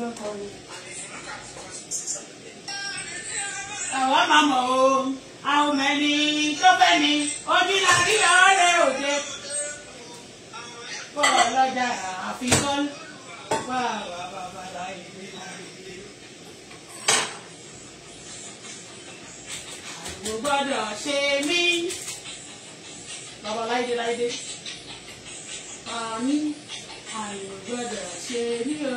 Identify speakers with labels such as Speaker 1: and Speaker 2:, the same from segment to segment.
Speaker 1: fẹ́ kọ ni. ẹ̀wọ́ máa mọ̀ o àwọn mẹ́ni tó fẹ́ mi omi la rí ọ̀rẹ́ òde. bọ́ ọlọ́jà àfikún wà wà bàbá láyé dé láyé dé. àgbo gbọ́dọ̀ ṣe mí. bàbá láyé dé láyé dé. àmì àgbo gbọ́dọ̀ ṣe mí o.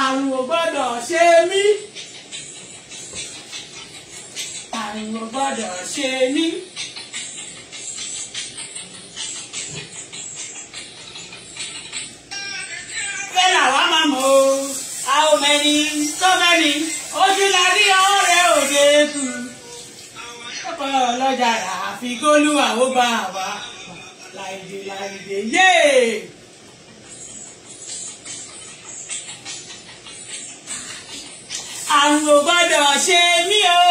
Speaker 1: àrùn ò gbọ́dọ̀ ṣe mí àrùn ò gbọ́dọ̀ ṣe mí. bẹ́ẹ̀ làwa máa mọ̀ o a ò mẹ́ni tó mẹ́ni ojú la rí ọ̀rẹ́ òde kù ọkọ̀ ọlọ́jà rà àfi kólúwà ó bá wa láìdè láìdè yéè. àrùn ò gbọ́dọ̀ ṣe mí o.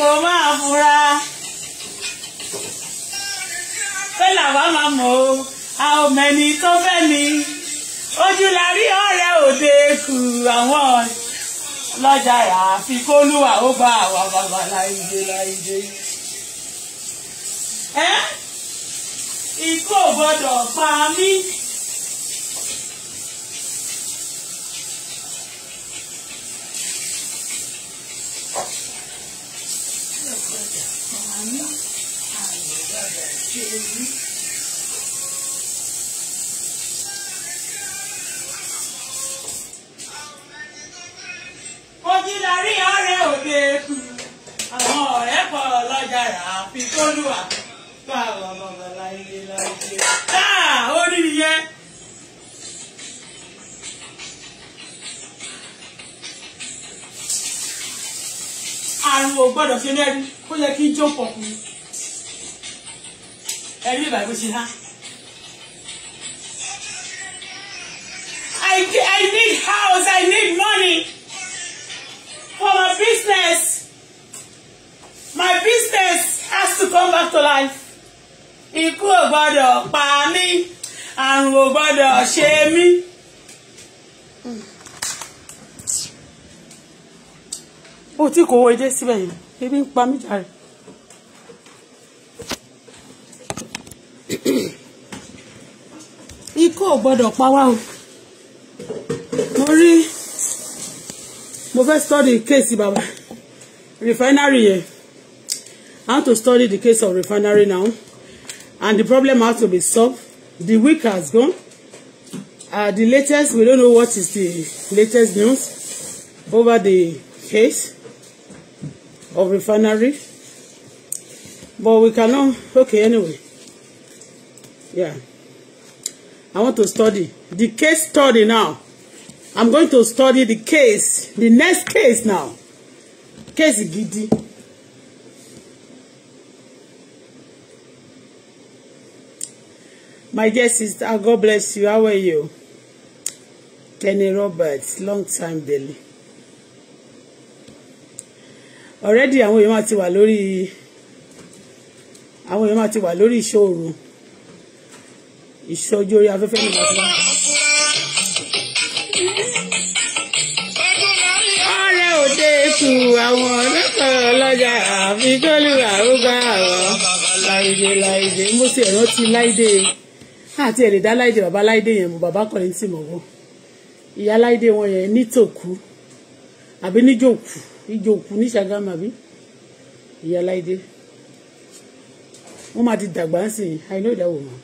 Speaker 1: kò máa fura pé làwa máa mọ̀ o a ò mẹ́ni tó fẹ́ ni ojú la rí ọ̀rẹ́ òde kù àwọn ọ̀rẹ́ lọ́jà àfi kólúwà ó bá àwa bàbá láìdé láìdé. ẹ́ ikú ò gbọ́dọ̀ pa mí. Thank you. ojú darí ọ̀rẹ́ òde kù àwọn ọ̀rẹ́ pọ̀ lọ́jà rà fi bá àwọn ọmọ láyé láyé tá orí yẹn. àrùn ò gbọ́dọ̀ ṣe lẹ́rú kó yẹ kí jó pọ̀kù ẹ̀rí ìbàgbé ṣe há. I, I need house, I need money for my business. My business has to come back to life. Ikú ò gbọ́dọ̀ pa mí, àrùn ò gbọ́dọ̀ ṣe mí.
Speaker 2: O tí kò wọ edé síbẹ̀ yìí,
Speaker 1: ebi ń pa mí jàre. Ikú ò gbọ́dọ̀ pa wá o.
Speaker 2: Mo rí mo fẹ́ study case baba refinery yẹn I to study the case of refinery now and the problem has to be solved the week has gone uh, the latest we don't know what is the latest news over the case of refinery but we cannot okay anyway yeah I want to study the case study now I'm going to study the case, the next case now. Case gidi. My dear sister, God bless you. How are you? Kenny Roberts, long time daily. Already àwọn èèyàn ti wà lórí àwọn èèyàn ti wà lórí ìṣòro.
Speaker 1: Ìṣojú orí afẹ́fẹ́ nígbà tí wọ́n. dẹ́kun àwọn ọlọ́kọ̀ ọlọ́jà àfi kọ́lùwà ó gbà ọ́ láìdè láìdè mo sì ẹ̀rọ ti
Speaker 2: láìdè àti ẹ̀ lè dá láìdè bàbá láìdè yẹn mo bàbá kọ̀rin tì mọ̀ wọ́n ìyá láìdè wọn yẹn nítòkú àbí níjòkú ìjòkú ní Ṣàgámù àbí ìyá láìdè wọ́n máa ti dàgbà ń sìn àìní ìdáwò
Speaker 1: wọn.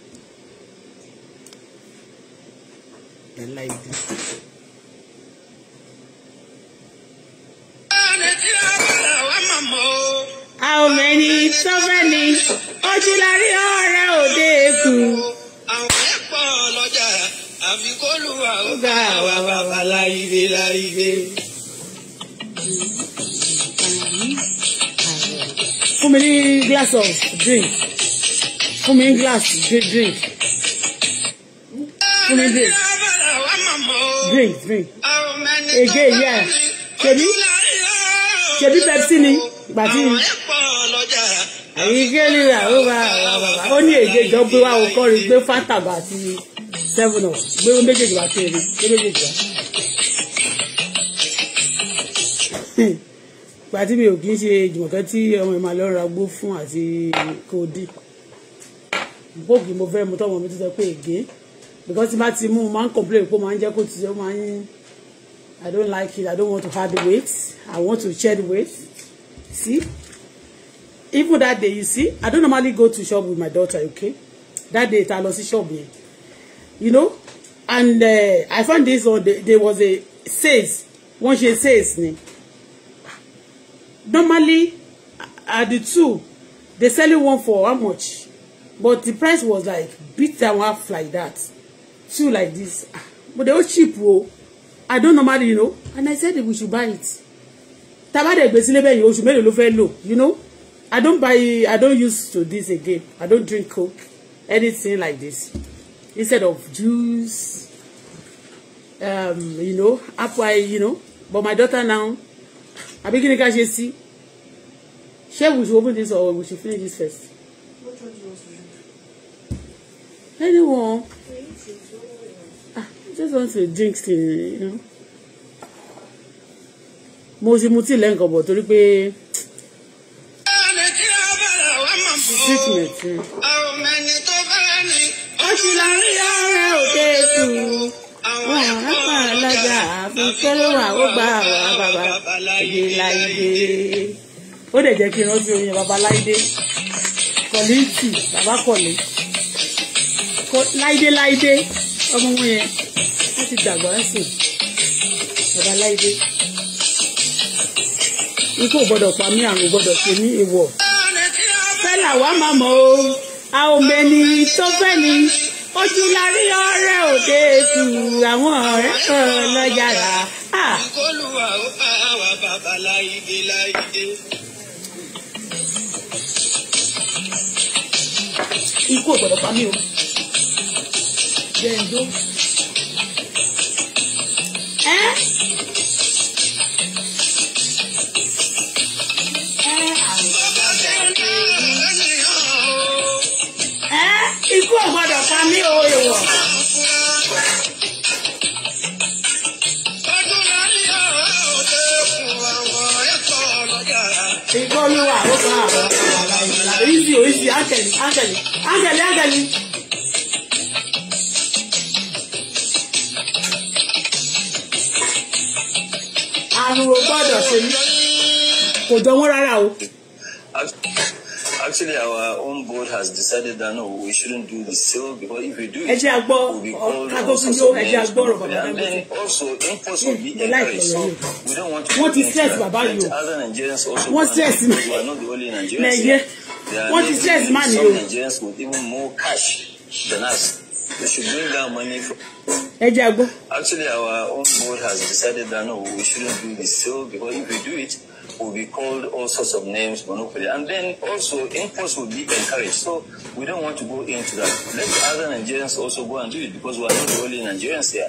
Speaker 1: ìyá láìdè. omeni sọfẹni ojúlarí ọ̀rẹ́ òde èkú. àwọn ẹ̀pọ̀ lọ́jà àfi kó lù àwọn gbà wà bàbá láyé láyé.
Speaker 2: fún mi ní glass of drink fún mi ní glass
Speaker 1: drink drink fún mi drink drink drink again yeah ṣebí ṣebí pepsi ni gbàtí ìgbélé rà ó bá ó ní èdè ìjọ gbé wá o gbé fátàgbà àti seven gbé méjèèjì wá kiri gbé méjèèjì wá.
Speaker 2: ìgbà tí mi ò kí ń ṣe jùmọ̀kẹ́ tí ọmọ ìmọ̀ lọ ra gbó fún àti kòdì bóògì mo fẹ́ mu tọ́mọ mi tó sọ pé ègé because tí bá ti mú un máa ń complain pé ó máa ń jẹ́ kó ti ṣe ó máa ń I don't like it I don't want to have the weight I want to shed weight see even that day you see I don't normally go to shop with my daughter okay that day I lọ sí shop yẹn you know and uh, I found this one there, was a sales wọ́n She says, ni normally at the two they selling one for how much but the price was like beat them half like that two like this ah, but they were cheap o oh. I don't normally you know and I said we should buy it tabade gbèsè lébẹ̀ yìí oṣù mélòó ló fẹ́ lò you know I don't buy, I don't use to this again. I don't drink Coke, anything like this. Instead of juice, um, you know, apple, you know. But my daughter now, I begin to see. Shall we open this or we should finish this first?
Speaker 1: What do you want to
Speaker 2: drink? Anyone. Ah, just want to drink still, you know. Mo ṣe mutí lẹ́ǹkan bọ̀
Speaker 1: treatment. ọmọ ẹni tó bá ní. ó ti lọ rí ara òde ètò wọn àpá alága àfikẹ́ ló wà ó gba àwọn bàbá ìdíláìdé. ó dẹ̀ jẹ́ kí n rántí oyin bàbá láìdé kọ̀lìtì bàbá kọ̀lì láìdé láìdé ọmọ wọn yẹn wọ́n ti dàgbà ẹ̀sìn bàbá láìdé ikú ò gbọ́dọ̀ pa mí àrùn gbọ́dọ̀
Speaker 2: ṣe ní èèwọ̀
Speaker 1: fẹ́ làwa máa mọ̀ o a ò mẹ́ni tó fẹ́ ni ojú la rí ọ̀rẹ́ òde ètù àwọn ọ̀rẹ́ kan lọ́jà rà. ìkọlùwà ó bá wa bàbá láìdé láìdé. ikú ò pa mí o. jẹ́ ǹdó. ẹ́ ikú ò gbọ́dọ̀ pa mí o èèwọ̀. ìgbọ́lúwà ó bá àwọn ọ̀la ìgbàlá ìsì òsì ángẹ̀lì ángẹ̀lì ángẹ̀lì ángẹ̀lì. àrùn ò gbọ́dọ̀ ṣe mí kò jọ wọ́n rárá
Speaker 2: o
Speaker 3: actually our own board has decided that no, we shouldn't do the sale because if we do it, it will be called all sorts of names. And then also imports will be encouraged. So we don't want to what is stress about you? Other Nigerians also. What We are not the only Nigerians. What is stress, man? Some Nigerians with even more cash than us. We should bring that money from.
Speaker 1: Actually,
Speaker 3: our own board has decided that no, we shouldn't do the sale because if we do it. will be called all sorts of names, monopoly. And then also imports will be encouraged. So we don't want to go into that. Let other Nigerians also go and do it because we are not the only Nigerians here.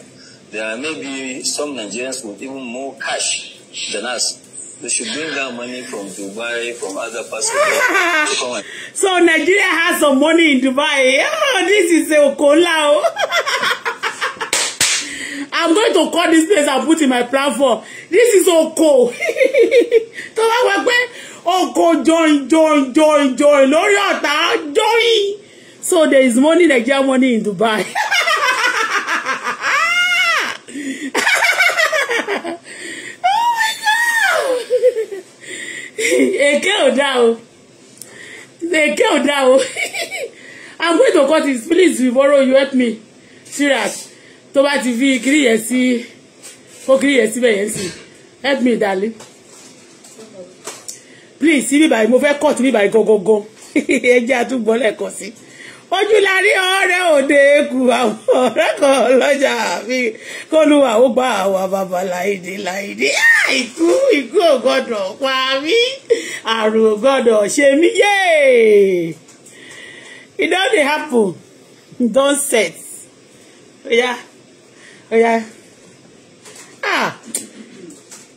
Speaker 3: There are maybe some Nigerians with even more cash than us. They should bring that money from Dubai, from other parts of the world.
Speaker 2: so Nigeria has some money in Dubai. Oh, this is a collab. I'm going to call this place and put in my platform. This is Oko. Tó bá wọ pé Oko join join join join lórí ọ̀tá join. So there is money like your money in Dubai.
Speaker 1: Oh my God! dá o. Èké ò dá o. I'm going to call
Speaker 2: this. Please, borrow you help me. Serious tó bá ti fi kiri yẹn sí kó kiri yẹn síbẹ̀ yẹn sì help me darling please síbí báyìí mo fẹ́ cut níbí báyìí gangan ẹ jẹ́ àtúgbọ́ lẹ́ẹ̀kan sí ojúlarí
Speaker 1: ọ̀rẹ́ òde kù àwọn ọ̀rẹ́ kan lọ́jà mi kólúwà ó gba àwa bàbá láìdí láìdí ah, ikú ikú ò gbọ́dọ̀ pa mí àrùn ò gbọ́dọ̀ ṣe mí yé it don dey happen don set oya. Yeah ọ̀yà ah!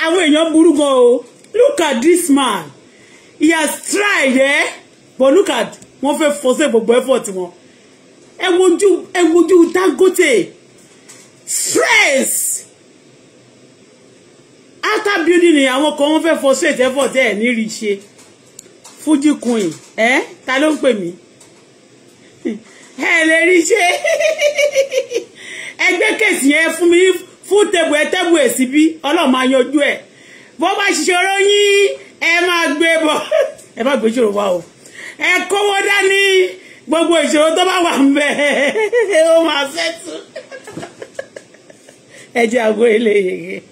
Speaker 1: àwọn èèyàn burú gan o look at this man
Speaker 2: he has tried eh? but look at wọ́n fẹ́ fọ́sẹ̀ gbogbo effort wọn ẹ wojú ẹ wojú Dangote stress after building ni àwọn kan wọ́n fẹ́ frustrate effort ẹ̀ ní rí ṣe fuji queen ẹ eh? ta ló ń pè mí ẹ lè rí ṣe ẹgbẹ́ kéèsì yẹn fún mi fún tèbù ẹ tèbù ẹ síbí ọlọ́run máa yanjú ẹ bó bá ṣiṣẹ́ oróyìn ẹ máa gbé bọ̀ ẹ má gbé ìṣòro wa o ẹ kówó dání gbogbo ìṣòro tó bá wà ń
Speaker 1: bẹ ó máa fẹ́ tú ẹ jẹ́ àgbo eléyìí.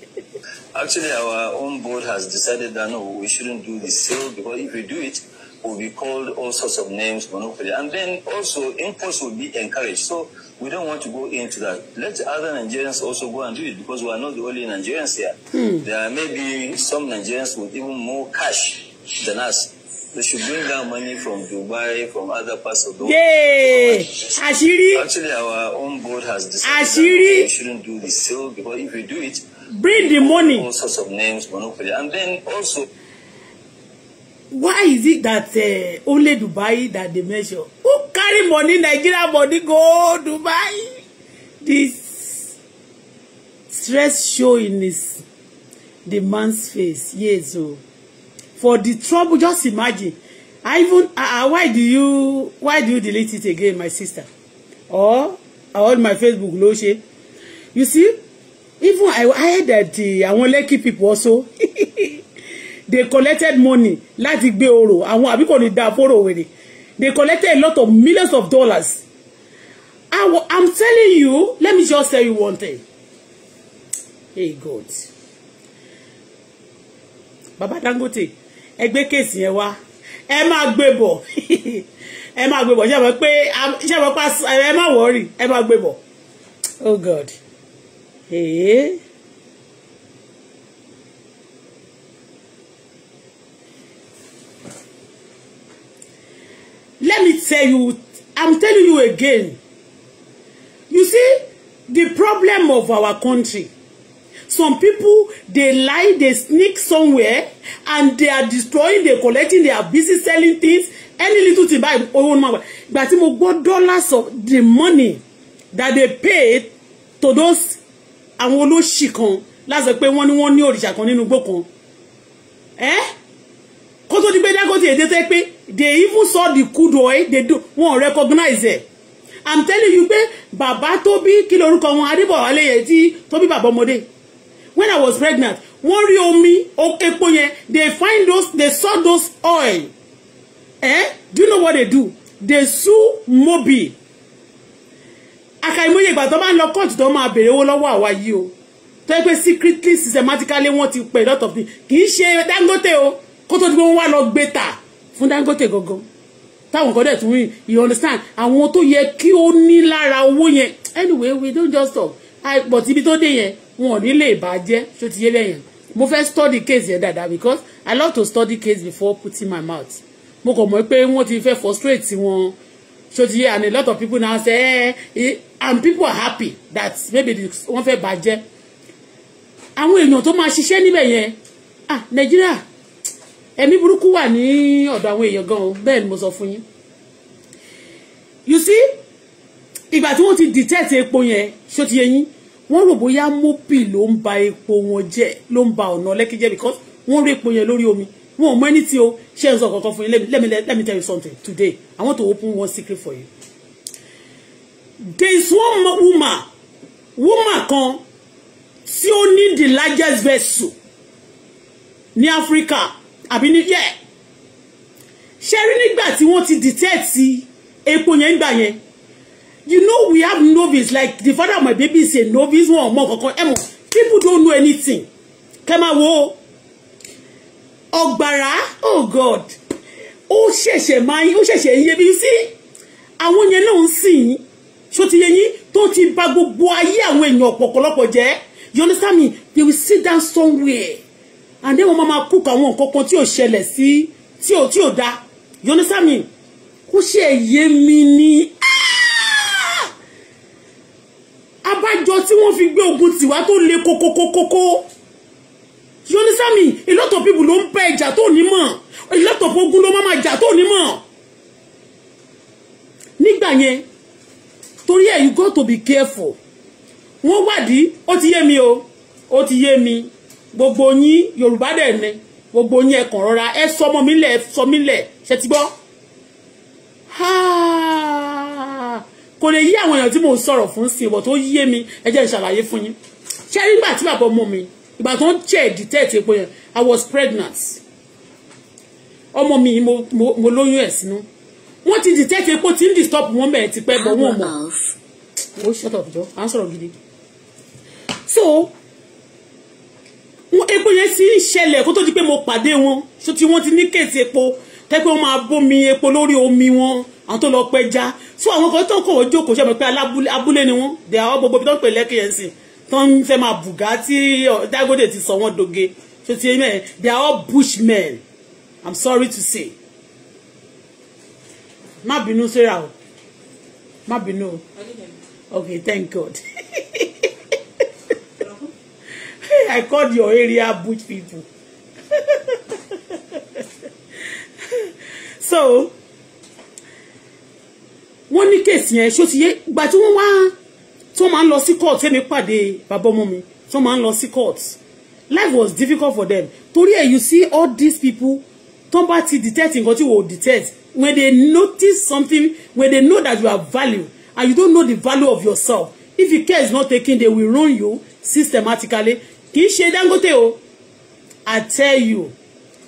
Speaker 3: Actually, our own board has decided that no, we shouldn't do the sale because if we do it, we'll be called all sorts of names, monopoly. And then also, imports will be encouraged. So we don't want to go into that. Let other Nigerians also go and do it because we are not the only Nigerians here. Mm. There are maybe some Nigerians with even more cash than us. They should bring down money from Dubai, from other parts of the world. Yay! Ashiri! Actually, our own board has decided Ashiri. that we shouldn't do the sale because if we do it, bring the money. All sorts of names, monopoly. And then also,
Speaker 2: why is it that uh, only Dubai that they measure? Who carry money, Nigeria money, go Dubai? This stress show in this, the man's face. Yes, oh. For the trouble, just imagine. I even uh, uh why do you why do you delete it again, my sister? Or want my Facebook ló ṣe. You see, even I, I heard that the want lucky people also they collected money láti gbé orò àwọn àbí kò ní da fóró wèrè they collected a lot of millions of dollars I w I'm telling you let me just tell you one thing hey God Baba Dangote ẹ gbé kéèsì yẹn wá ẹ máa gbé bọ̀ ẹ máa gbé bọ̀ ṣe mọ̀ pé pé ẹ máa wọ̀ọ́rì ẹ máa gbé bọ̀ oh God. Hey. let me tell you i'm telling you again you see the problem of our country some people they lie they sneak somewhere and they are destroying they collecting they are busy selling things any little thing buy owó ní ma gba gba dollars of the money that they pay to those àwọn olóṣì kan láti pé wọ́n ní wọ́n ní òrìṣà kan nínú igbó kan ẹ́ eh? kó tó di go dákòtì èdè tẹ́ pay they even saw the kudoi they do wọ́n recognize it i'm telling you pé bàbá tó bí kí lorúkọ wọn adébọ̀wálé yẹn tí tó bí bàbá when i was pregnant wọ́n rí omi epo yẹn they find those they saw those oil eh do you know what they do they sue mobi àkàìmọye ìgbà tó máa ń lọ court tó máa béèrè owó lọ́wọ́ àwa yìí o tó yẹ secretly systematically wọ́n ti pè lot of things kì í ṣe dangote o kó tó di pé wa lo lọ fún Dangote gangan táwọn kan dẹ̀ tún rí you understand àwọn tó yẹ kí ó ní lára owó yẹn anyway we don't just talk àìpọ̀ tíbi tó dé yẹn wọn ò ní lè bà jẹ́ tó ti yé lẹ́yìn mo fẹ́ study case yẹn dáadáa because I love to study case before putting my mouth mo kàn mọ̀ pé wọ́n ti fẹ́ frustrate wọn so ti yẹ and a lot of people now say eh, eh and people are happy that maybe wọ́n fẹ́ bàjẹ́ àwọn èèyàn tó máa ṣiṣẹ́ níbẹ̀ yẹn ah Nàìjíríà ẹ̀mí burúkú wà ní ọ̀dọ̀ àwọn èèyàn gan o bẹ́ẹ̀ ni mo sọ fún yín you see ìgbà tí wọ́n ti detect epo yẹn ṣó ti yẹ yín wọ́n rò bóyá mopi ló ń ba epo wọn jẹ́ ló ń ba ọ̀nà Lẹ́kì jẹ́ because wọ́n rí epo yẹn lórí omi wọn ò mọ ẹni tí o ṣe ń sọ kankan fún yín let me let me tell you something today I want to open one secret for you there is one woman woman kan tí ó ní the largest vessel ní Africa àbí ní yẹ ṣe rí nígbà tí wọ́n ti dìtẹ́ẹ̀tì epo yẹn ń gbà yẹn you know we have novice like the father of my baby is a novice wọn ò kankan ẹ mọ people don't know anything kẹ máa wo ọgbàrá oh god ó ṣẹ̀ṣẹ̀ máa ó ṣẹ̀ṣẹ̀ ń yẹbi sí àwọn yẹn náà ń sìn ṣó ti yẹ yín tó ti bà gbogbo ayé àwọn èèyàn ọ̀pọ̀lọpọ̀ jẹ́ you understand me they will sit down somewhere and then wọ́n máa cook àwọn nǹkan kan tí ò ṣẹlẹ̀ sí tí ò tí ò da you understand me kó ṣe èyí mi ni ah! abájọ tí wọ́n fi gbé ogun tiwa tó le kókókókókó you understand me a lot of people ló ń bẹ ìjà tó ní mọ̀ a lot of ogun ló máa jà tó ní mọ̀ nígbà yẹn torí ẹ̀ you got to be careful wọ́n wádìí ó ti yé mi o ó ti yé mi gbogbo yín yorùbá dẹ̀ ni gbogbo yín ẹ̀kàn rọra ẹ sọ mi lẹ̀ sọ mi lẹ̀ ṣe ti gbọ́ kò lè yí àwọn èèyàn tí mò ń sọ̀rọ̀ fún sí ìwọ̀ tó yé mi ẹ ìṣàlàyé fún yín ṣé nígbà tí bàbá ọmọ mi ìgbà tó ń jẹ́ detect epo yẹn i was pregnant ọmọ mi mo lóyún ẹ̀ sínú wọ́n ti detect epo tí ń disturb wọn bẹ̀rẹ̀ ti pẹ́ bọ̀ wọ́n
Speaker 1: mọ̀ ó ṣọ́tọ̀ ọ̀dọ́ à
Speaker 2: so epo yẹn ti ń ṣẹlẹ̀ kó tó di pé mo pàdé wọn ṣó tí wọ́n ti ní kéèsì epo tẹ́pẹ́ wọ́n máa bómi epo lórí omi wọn àwọn tó lọ pẹja so àwọn kan tó ń kọ̀wé jókòó ṣe mọ̀ pé abúlé ni wọ́n dẹ̀ àwọn gbogbo tó ń pè lẹ́kẹ̀ẹ́ yẹn sìn tó ń fẹ́ máa bùgá tí Dangote ti sọ wọ́n doge ṣó ti yẹn mẹ́rin they are all bushmen I'm sorry to say má bínú sarah o má bínú o okay thank God. I called your area bush people. so wọ́n ní case yẹn so ti yé gbà tí wọ́n wá tí wọ́n máa ń lọ sí court èmi pàdé bàbá ọmọ mi tí wọ́n máa ń court life was difficult for them torí ẹ̀ you see all these people tó bá ti detect nǹkan tí wò detect when they notice something when they know that you have value and you don't know the value of yourself if the care is not taken they will ruin you systematically kì í ṣe Dangote o I tell you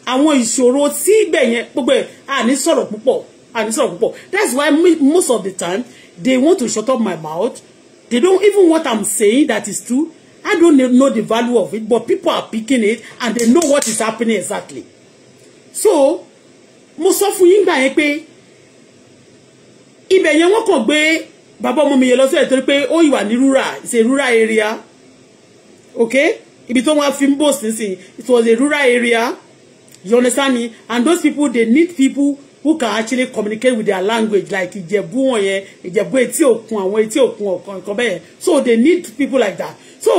Speaker 2: àwọn ìṣòro tí ibẹ̀ yẹn gbogbo ẹ̀ àní sọ̀rọ̀ púpọ̀ àní sọ̀rọ̀ púpọ̀ that's why most of the time they want to shut up my mouth they don't even what I'm saying that is true I don't know the value of it but people are picking it and they know what is happening exactly so mo sọ fún yín gbà yẹn pé ibẹ̀ yẹn wọ́n kàn gbé bàbá ọmọ mi yẹn lọ sí ẹ̀ torí pé ó ìwà ní rural it's a rural area okay ibi tó wọ́n fi ń bò sínsìn it was a rural area you understand me and those people they need people who can actually communicate with their language like ìjẹ̀bú wọn yẹn ìjẹ̀bú etí òkun àwọn etí òkun ọ̀kan nǹkan bẹ́ẹ̀ so they need people like that so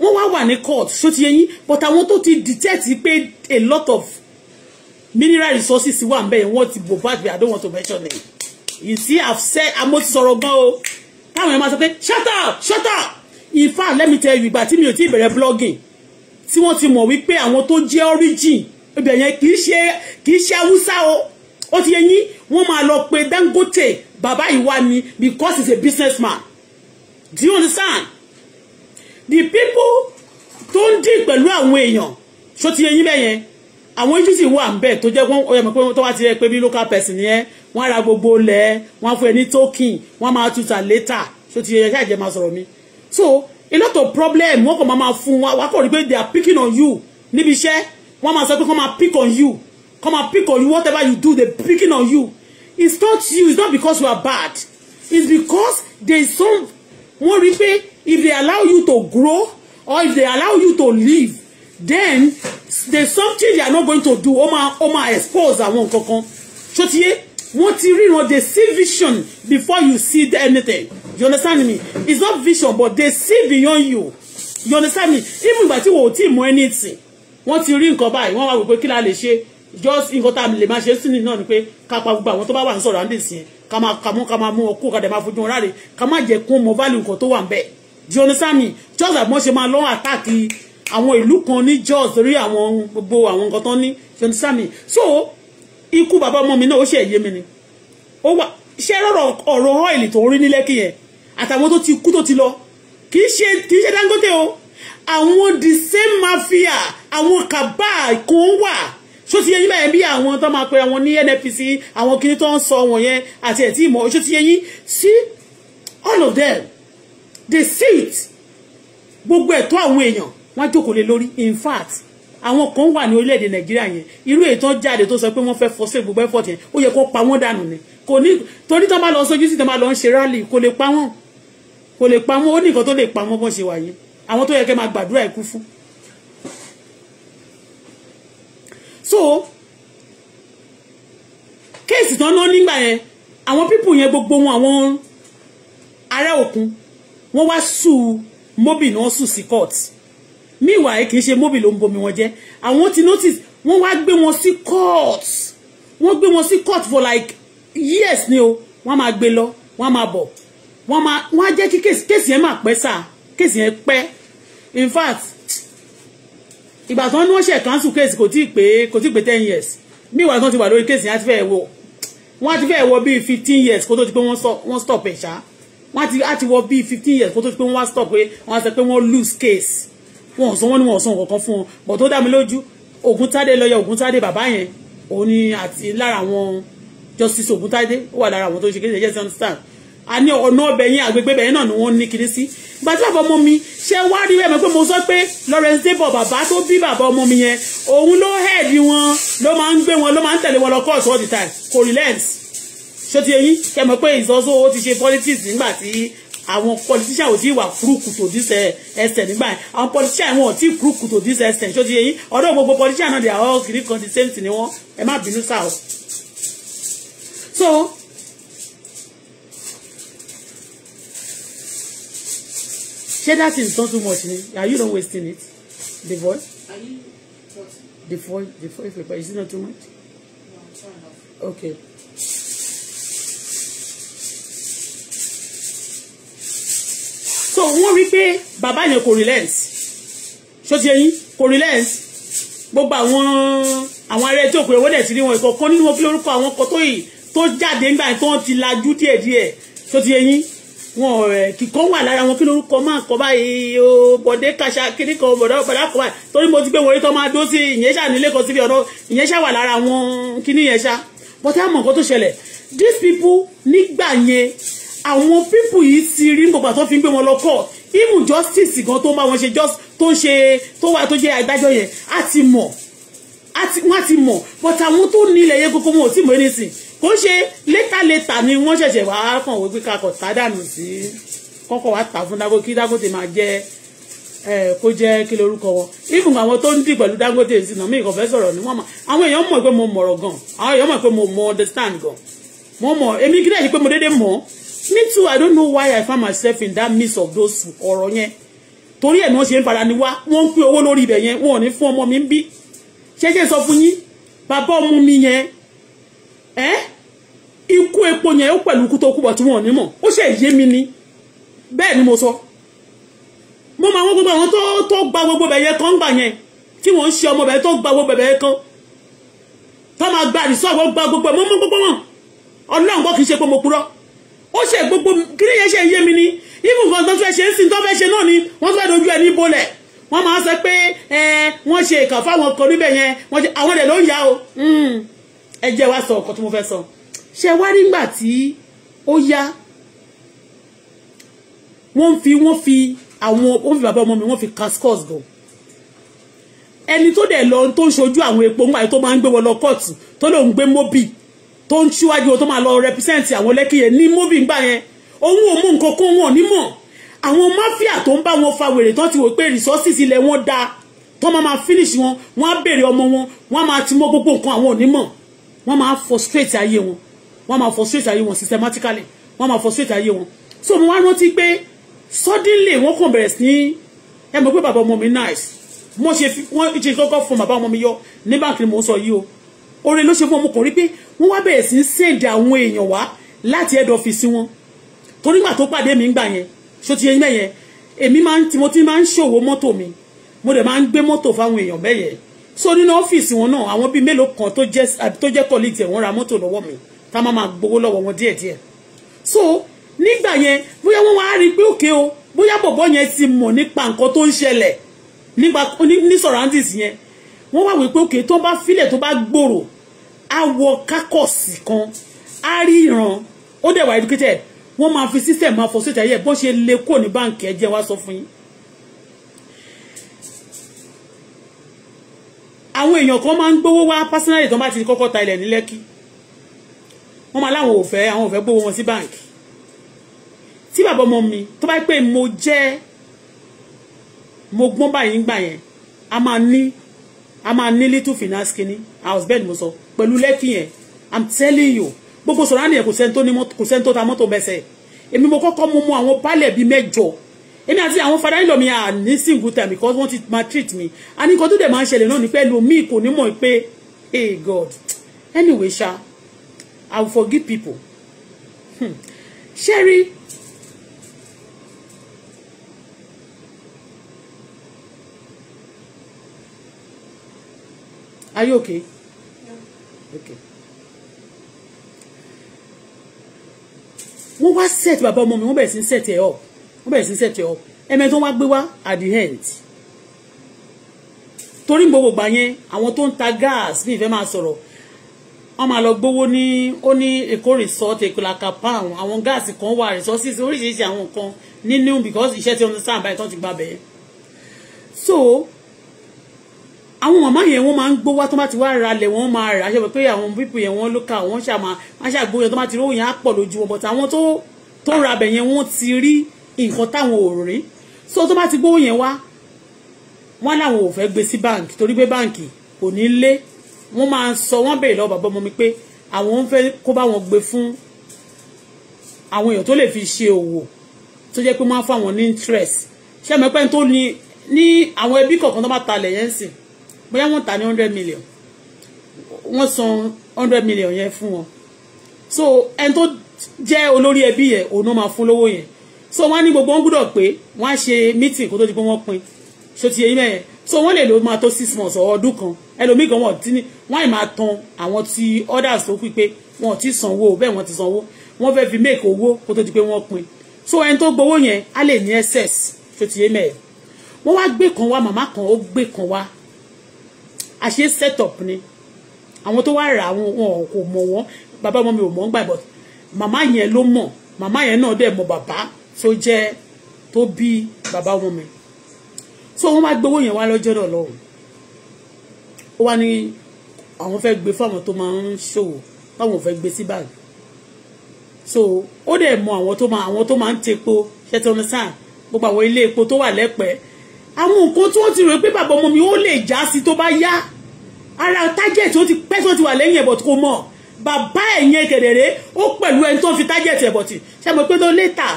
Speaker 2: wọ́n wá wà ní court ṣó ti yé yín but àwọn tó ti detect pé a lot of mineral resources wà ń bẹ́ẹ̀ wọ́n ti bò bá àgbẹ̀ i don't want to mention it you see i've said amó ti sọ̀rọ̀ gan o táwọn ẹ̀ máa sọ pé shut up shut up in fact let me tell you ìgbà tí mi ò tí bẹ̀rẹ̀ blogging tí wọ́n ti mọ̀ wípé àwọn tó jẹ́ origin ibẹ̀ yẹn kì í ṣe kì í ṣe haúsá o ó ti yẹ yín wọ́n máa lọ pe Dangote bàbá ìwà ni because he's a businessman do you understand the people tó ń dín pẹ̀lú àwọn èèyàn ṣó ti yẹ yín bẹ́ẹ̀ yẹn àwọn agency wà ń bẹ̀ tó jẹ́ wọ́n ọ̀yà mọ̀ pé tó wá ti rẹ̀ pé bí local person ni ẹ́ wọ́n á ra gbogbo lẹ̀ wọ́n á fún ẹ ní token wọ́n á máa tuta later ṣó ti yẹ yẹn ṣáà jẹ́ máa sọ̀rọ̀ mi so a lot of problem wọn kò máa máa fún wa wákò rí pé they are picking on you Nibi iṣẹ́ wọ́n máa sọ pé come máa pick on you Come máa pick on you whatever you do they picking on you it's not you it's not because you are bad it's because there is some wọ́n rí pé if they allow you to grow or if they allow you to live then there's something they are not going to do ó máa ó máa expose àwọn kankan ṣó ti yé wọ́n ti ríran they see vision before you see anything you understand me it's not vision but they see beyond you you understand me even ìgbà you wò ó tí anything once you ring nǹkan one wọ́n wá wò pé kí la just in tá a lè máa ṣe sí ni náà ni pé what about one àwọn tó bá wà ní sọ̀rọ̀ àǹdè sí yẹn ká máa kà mú ká máa mú ọkú ká dẹ̀ máa fojú wọn ráre ká má jẹ́ kún you understand me just like wọ́n ṣe my long attack àwọn ìlú kan ní just rí àwọn gbogbo àwọn nǹkan tó ní you understand me so ikú bàbá ọmọ mi náà ó ṣe ẹ̀yẹ mi ni ó wà ṣé rọrọ ọ̀rọ̀ ọ́ìlì tó ń rí àtàwọn tó ti kú tó ti lọ kì í ṣe Dangote o àwọn the same mafia àwọn kaba kò ń wà ṣó ti yẹ yín báyẹn bí àwọn tó máa pe àwọn ní NNPC àwọn kiri tó ń sọ wọn yẹn àti ẹ̀ tí ìmọ̀ ṣó ti yẹ yín see all of them they see it gbogbo ẹ̀tọ́ àwọn èèyàn wọ́n jókòó lé lórí in fact àwọn kan wà ní orílẹ̀-èdè nàìjíríà yẹn irú ètò jáde tó sọ pé wọ́n fẹ́ fọ́sẹ̀ gbogbo effort yẹn ó yẹ kó pa wọ́n dànù ni kò ní torí tó máa lọ sójú sí tó máa lọ ń ṣe rally kò lè pa wọ́n kò lè pamọ́ ó ní nǹkan tó lè pamọ́ bó ṣe wà yìí àwọn tó yẹ kẹ́ máa gbàdúrà ikú fún. so kéèsì tán ná nígbà yẹn àwọn pípù yẹn gbogbo wọn àwọn ará òkun wọ́n wá sù Mobi náà sù sí court meanwhile kì í ṣe Mobi ló ń bomi wọn jẹ àwọn ti notice wọ́n wá gbé wọn sí court wọ́n gbé wọn sí court for like years ni o wọ́n máa gbé lọ wọ́n máa bọ̀ wọ́n ma? wọ́n á jẹ́ kí kéèsì yẹn máa pẹ́ sà kéèsì yẹn pẹ́ in fact ìgbà tí wọ́n ní wọ́n ṣe cancel kéèsì kò tí ì pé kò tí ì pé ten years bí ìwà tí wọ́n ti wà lórí kéèsì yẹn á ti fẹ́ wọ wọ́n á ti fẹ́ wọ bíi fifteen years kó tó ti pé wọ́n stop ẹ̀ ṣá wọ́n á ti wọ bíi fifteen years kó tó ti pé wọ́n stop pé wọ́n á sọ pé wọ́n lose case wọ́n sọ wọ́n ní wọ́n sọ nǹkan fún wọn bọ̀ tó dá mi lójú Ògúntádé lọ́yà Ògúntádé bàbá yẹn òun ni àti lára àwọn justice Ògúntádé ó wà lára àwọn tó ṣe kéde jẹ́ sẹ́ńtítàn a ní ọ̀nà ọbẹ̀ yẹn àgbègbè bẹ̀yẹn náà ni wọ́n ní kiri sí ìgbà tí bàbá ọmọ mi ṣe wá rí ẹ̀mọ́ pé mo sọ pé Lawrence Debo bàbá tó bí bàbá ọmọ mi yẹn òun ló head wọn ló máa ń gbé wọn ló máa ń tẹ̀lé wọn lọ court all the time kò relent ṣé ti eyín ṣe mọ̀ pé ìsọ́sọ́ ó ti ṣe politics nígbà tí àwọn politician ò tí wà kúrúkù tó dí eh, ẹsẹ̀ nígbà yẹn àwọn politician wọn ò tí kúrúkù tó dí ẹsẹ̀ ṣó ti yẹyìn ọ̀dọ̀ gbogbo politician náà dẹ̀ àwọn kiri kan ti same thing ni wọ́n ẹ má bínú sáà o. so ṣé that is not too much are you not wasting it the voice Are you? the voice the voice paper is it not too much no, okay. so wọ́n rí pé bàbá yẹn kò relent ṣó ti yẹn kò relent gbogbo àwọn àwọn ará ètò òkúrẹ́ wọ́n dẹ̀ ti rí wọn ìkọ̀ọ̀kan nínú wọn kí lórúkọ àwọn kan tó yìí tó jáde nígbà tó ti lajú díẹ̀díẹ̀ ṣó ti yẹn wọn ọ̀rẹ́ eh, kíkọ́ wà lára wọn kí lorúkọ máa kọ́ báyìí o bọ̀dé kàṣà kiri kan bọ̀dá bọ̀dá kọ́ báyìí torí mo ti gbé wọlé tó máa dó sí ìyẹn nílé kan síbi ọ̀dọ́ ìyẹn wà lára wọn kíní yẹn but á mọ̀ nǹkan tó ṣẹlẹ̀ these people nígbà yẹn àwọn people yìí ti rí gbogbo àtọ́ fi gbé wọn lọ court even justice gan tó ń bá wọn ṣe just tó ń ṣe tó wà tó jẹ́ adájọ́ yẹn á ti mọ̀ wọ́n á ti mọ̀ but àwọn tó nílẹ̀ yẹn kókó wọn ò tí mọ̀ anything kó ṣe létà ni wọ́n ṣẹ̀ṣẹ̀ wá kàn wí pé kakọ̀ tá dànù sí kọ́kọ́ wá tà fún Dangote kí Dangote máa jẹ́ kó jẹ́ kí lorúkọ wọn even àwọn tó ń dì pẹ̀lú Dangote ìsìnà mí ìkọ̀fẹ́ sọ̀rọ̀ ni wọ́n mọ̀ àwọn èèyàn mọ̀ pé mo mọ̀rọ̀ gan àwọn èèyàn mọ̀ pé mo mọ̀ understand gan mo mọ̀ èmi kí lẹ́yìn pé mo déédéé mọ̀ me too I don't know why I find myself in that midst of those ọ̀rọ̀ yẹn torí ẹ̀ ni wọ́n ṣe ń fara ni wá wọ́n ń pín owó lórí ibẹ̀ yẹn wọn ò ní fún ọmọ mi ń bí ṣẹ́ṣẹ́ sọ fún yín bàbá ọmọ mi yẹn ẹ́ eh? ikú epo yẹn ó pẹ̀lú ikú tó kú bọ̀ tí wọ́n ní mọ̀ ó ṣe yé mi ni bẹ́ẹ̀ ni mo sọ mo máa wọ́n gbogbo àwọn tó tó gba gbogbo bẹ̀yẹ kan gbà yẹn tí wọ́n ń ṣe ọmọ bẹ̀yẹ tó gba gbogbo bẹ̀yẹ kan tó máa gba àdìsọ́ àwọn gba gbogbo ẹ̀mọ́ gbogbo wọn ọlọ́run kọ́ kì í ṣe pé mo purọ́ ó ṣe gbogbo kí ni yẹn ṣe yé mi ni ibù kan tó fẹ́ ṣe ń sìn tó fẹ́ ṣe náà ni wọ́n fẹ́ dojú ẹ̀ ní bolẹ̀ wọ́n máa sọ pé eh, wọ́n ṣe ìkà fáwọn kan níbẹ̀ yẹn wọ́n ṣe àwọn ẹ̀ ló ń yá o hmm ẹ jẹ́ wá sọ nǹkan tí mo fẹ́ sọ ṣe wá nígbà tí ó yá wọ́n fi wọ́n fi àwọn wọ́n fi bàbá ọmọ mi wọ́n fi cascos gan ẹni tó dẹ̀ lọ tó ń ṣojú àwọn epo ńgbà tó máa ń gbé wọn lọ kóòtù tó lòún gbé mobi tó ń ṣíwájú tó máa lọ rẹpísẹ́ǹtì àwọn lẹ́kìyẹ ní mobi ńgbà yẹn òun ò mú nǹkan kún wọn nímọ̀ àwọn máfíà tó ń bá wọn fa wèrè tó ti wò pé resources ilẹ̀ wọn dáa tó máa máa finish wọn wọn á béèrè ọmọ wọn wọn á máa ti mọ gbogbo nǹkan àwọn onímọ̀ wọ́n máa frustrate ayé wọn wọ́n máa frustrate ayé wọn systematically wọ́n máa frustrate ayé wọn so mo wá rántí pé suddenly wọ́n kàn bẹ̀rẹ̀ sí ẹ mọ̀ pé bàbá ọmọ mi nice mo ṣe wọ́n ṣe kọ́kọ́ fún bàbá ọmọ mi yọ ní báńkì ni mo ń sọ yìí o oore ló ṣe fún ọmọkùnrin pé wọ́n wá bẹ̀rẹ̀ sí ń send àwọn èèyàn wá láti head office wọn torí gbà tó pàdé mi gbà yẹn ṣó ti yẹn mẹ́yẹn èmi máa ń tí mo ti máa ń ṣòwò mọ́tò mi mo dẹ̀ máa ń gbé mọ́tò fáwọn èèyàn mẹ́yẹn so nínú ọ́fíìsì wọn náà àwọn bíi mélòó kan tó jẹ́ tó jẹ́ colleagues ẹ̀ wọ́n ra mọ́tò lọ́wọ́ mi tá má máa gbowó lọ́wọ́ wọn díẹ̀díẹ̀ so nígbà yẹn bóyá wọ́n wá rí i pé òkè o bóyá bọ̀bọ́ yẹn ti mọ̀ nípa nǹkan tó ń ṣẹlẹ̀ nípa ní surroundings yẹn wọ́n wá wípé òkè tó bá filẹ̀ tó bá gbòòrò á wọ kákọ̀sì kan á rí ìran ó dẹ̀ wà educated wọ́n máa fi system máa fọ́ sóòtà yẹ bó ṣe lè kó ní báǹkì ẹ̀jẹ̀ wá sọ fún yín àwọn èèyàn kan máa ń gbówó wá personally tó bá ti kọ́kọ́ ta ilẹ̀ ní lẹ́kì wọ́n máa láwọn ò fẹ́ àwọn ò fẹ́ gbówó wọn sí báǹkì tí bàbá ọmọ mi tó bá pé mo jẹ́ mo gbọ́n báyìí ń gbà yẹn a máa ní a máa ní little finance kínní house bed mo sọ pẹ̀lú lẹ́kì yẹn i'm telling you gbogbo sọ̀rọ̀ àná yẹn kò sẹ́ni tó ta mọ́tò bẹ́sẹ̀ èmi mo kọ́kọ́ mo mọ àwọn baálẹ̀ bíi mẹ́jọ èmi àti àwọn fada nílò mi à ní single time because wọ́n ti máa treat me and nǹkan tó dẹ̀ máa ń ṣẹlẹ̀ náà ni pé lomi kò ní mọ̀ pé hey God anyway ṣá I will forgive people hmm. ṣé hmm. Are you okay?
Speaker 1: Yeah.
Speaker 2: Okay. Wọ́n wá set bàbá ọmọ mi, wọ́n bẹ̀rẹ̀ sí set ẹ̀ up ó bẹ̀rẹ̀ sí set up ẹ̀mẹ́ tó wá gbé wá at the end torí gbogbo gbà yẹn àwọn tó ń ta gas bí ìfẹ́ máa sọ̀rọ̀ wọ́n máa lọ gbowó ní ó ní èkó resort èkólaka pound àwọn gáàsì kan wà resources oríṣiríṣi àwọn nǹkan nínú because iṣẹ́ tí ọdún sáà báyìí tó ti gbà bẹ́ẹ̀ so àwọn màmá yẹn wọ́n máa ń gbówá tó bá ti wá ralẹ̀ wọ́n máa rà ṣe pé àwọn people yẹn wọ́n lóka wọ́n ṣàmà wọ́n ṣàgbóyàn tó bá ti rí òyìn á pọ̀ lójú wọn but àwọn tó tó rabẹ̀ yẹn wọ́n ti rí nǹkan táwọn ò rí so tó bá ti gbówó yẹn wá wọn làwọn ò fẹ́ gbé sí báǹkì torí pé báǹkì kò ní lé wọn máa sọ wọn bèrè lọ́wọ́ bàbá ọmọ mi pé àwọn ń fẹ́ kó bá wọn gbé fún àwọn èèyàn tó lè fi ṣe òwò tó jẹ́ pé wọ́n á fún àwọn ní interest ṣé ẹ̀mọ́ pẹ́ tó ní ní àwọn ẹbí kọ̀ọ̀kan tó bá talẹ̀ yẹn sìn bóyá wọ́n ta ní hundred million wọ́n san hundred million yẹn fún wọn so ẹni tó jẹ́ olórí ẹbí yẹn òun ló máa fún lówó yẹn so wọ́n ní gbogbo wọn gbúdọ̀ pé wọ́n á ṣe meeting kó tó di pé wọ́n pin ṣó ti yẹ yín mẹ́yẹn so wọ́n lè lo máa tó six months or ọdún kan ẹlòmíì gan wọ́n ti ní wọ́n àì máa tan àwọn ti orders tó pípé wọ́n ti sanwó bẹ́ẹ̀ wọ́n ti sanwó wọ́n fẹ́ fi make owó kó tó di pé wọ́n pin so ẹni tó gbowó yẹn á lè ní excess ṣó ti yé mẹ́yẹn wọ́n wá gbé kan wá màmá kan ó gbé kan wá àṣé set up ni àwọn tó wá rà wọn wọn kò mọ̀ wọ́n bàbá ọmọ mi ò mọ̀ ń gbà but màmá yẹn ló mọ̀ màmá yẹn náà dẹ̀ mọ̀ bàbá tó jẹ́ tó bí bàbá ọmọ mi so wọ́n máa gbowó yẹn wá lọ́jọ́ náà lọ́wọ́ ó wá ní àwọn fẹ́ gbé fáwọn tó máa ń ṣòwò táwọn fẹ́ gbé sí báàgì so ó dẹ̀ mọ àwọn tó máa àwọn tó máa ń tepo ṣètò ọ̀nà sáà gbogbo àwọn ilé epo tó wà lẹ́pẹ̀ẹ́ àwọn nǹkan tí wọ́n ti rò pé bàbá ọmọ mi ó lè já sí tó bá yá ara target ó ti pẹ́ tó ti wà lẹ́yìn ẹ̀bọ̀t kò mọ̀ bàbá ẹ̀yìn kedere ó pẹ̀lú ẹni tó fi target ẹ̀bọ̀tì ṣe mọ̀ pé tó létà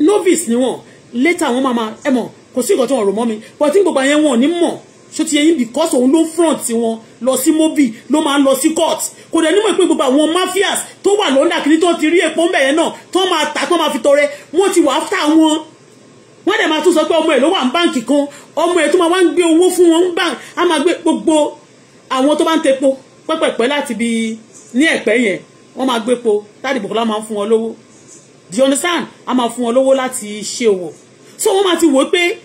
Speaker 2: novice ni wọ́n later wọ́n mama, ma ẹ mọ̀ kò sí nǹkan tí wọ́n rò mọ́ mi but tí gbogbo àyẹ̀wò ní mọ̀ ṣó ti yẹyin because òun ló front wọn lọ sí mobi ló máa ń lọ sí court kò dẹ̀ nímọ̀ pé gbogbo àwọn mafias tó wà lọ́ndà kìíní tó ti rí epo ń bẹ̀yẹn náà tó máa tà tó máa fi tọrẹ wọ́n ti wà áfítà wọn wọ́n dẹ̀ máa tún sọ pé ọmọ ẹ̀ ló wà ní báǹkì kan ọmọ ẹ̀ tó máa wá ń gbé owó fún wọn a máa gbé gbogbo àwọn tó bá ń tepo pẹ́pẹ̀pẹ́ bi ni ẹ̀pẹ́ yẹn wọ́n máa gbépo tádìbò kọ́lá máa ń fún wọn lówó do you understand a máa fún wọn lówó láti ṣe òwò so wọ́n máa ti wò pé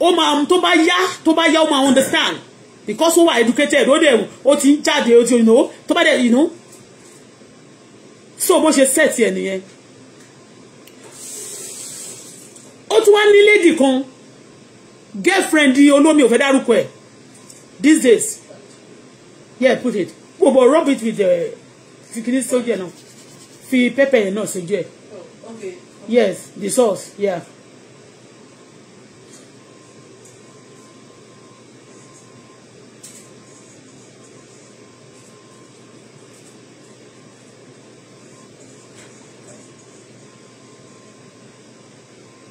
Speaker 2: ó máa tó bá yá tó bá yá ó máa understand because ó wà educated ó dẹ̀ ó ti ń jáde ti you know To bá dẹ̀ you know so bó ṣe set ẹ̀ nìyẹn ó tún wá ní lady kan girlfriend olómi ò fẹ́ dárúkọ ẹ̀ This days yeah put it gbogbo rub it with eh, the fikini sójú ẹ̀ náà fi pepper yẹn náà sójú ẹ̀. Yes, the sauce, yeah.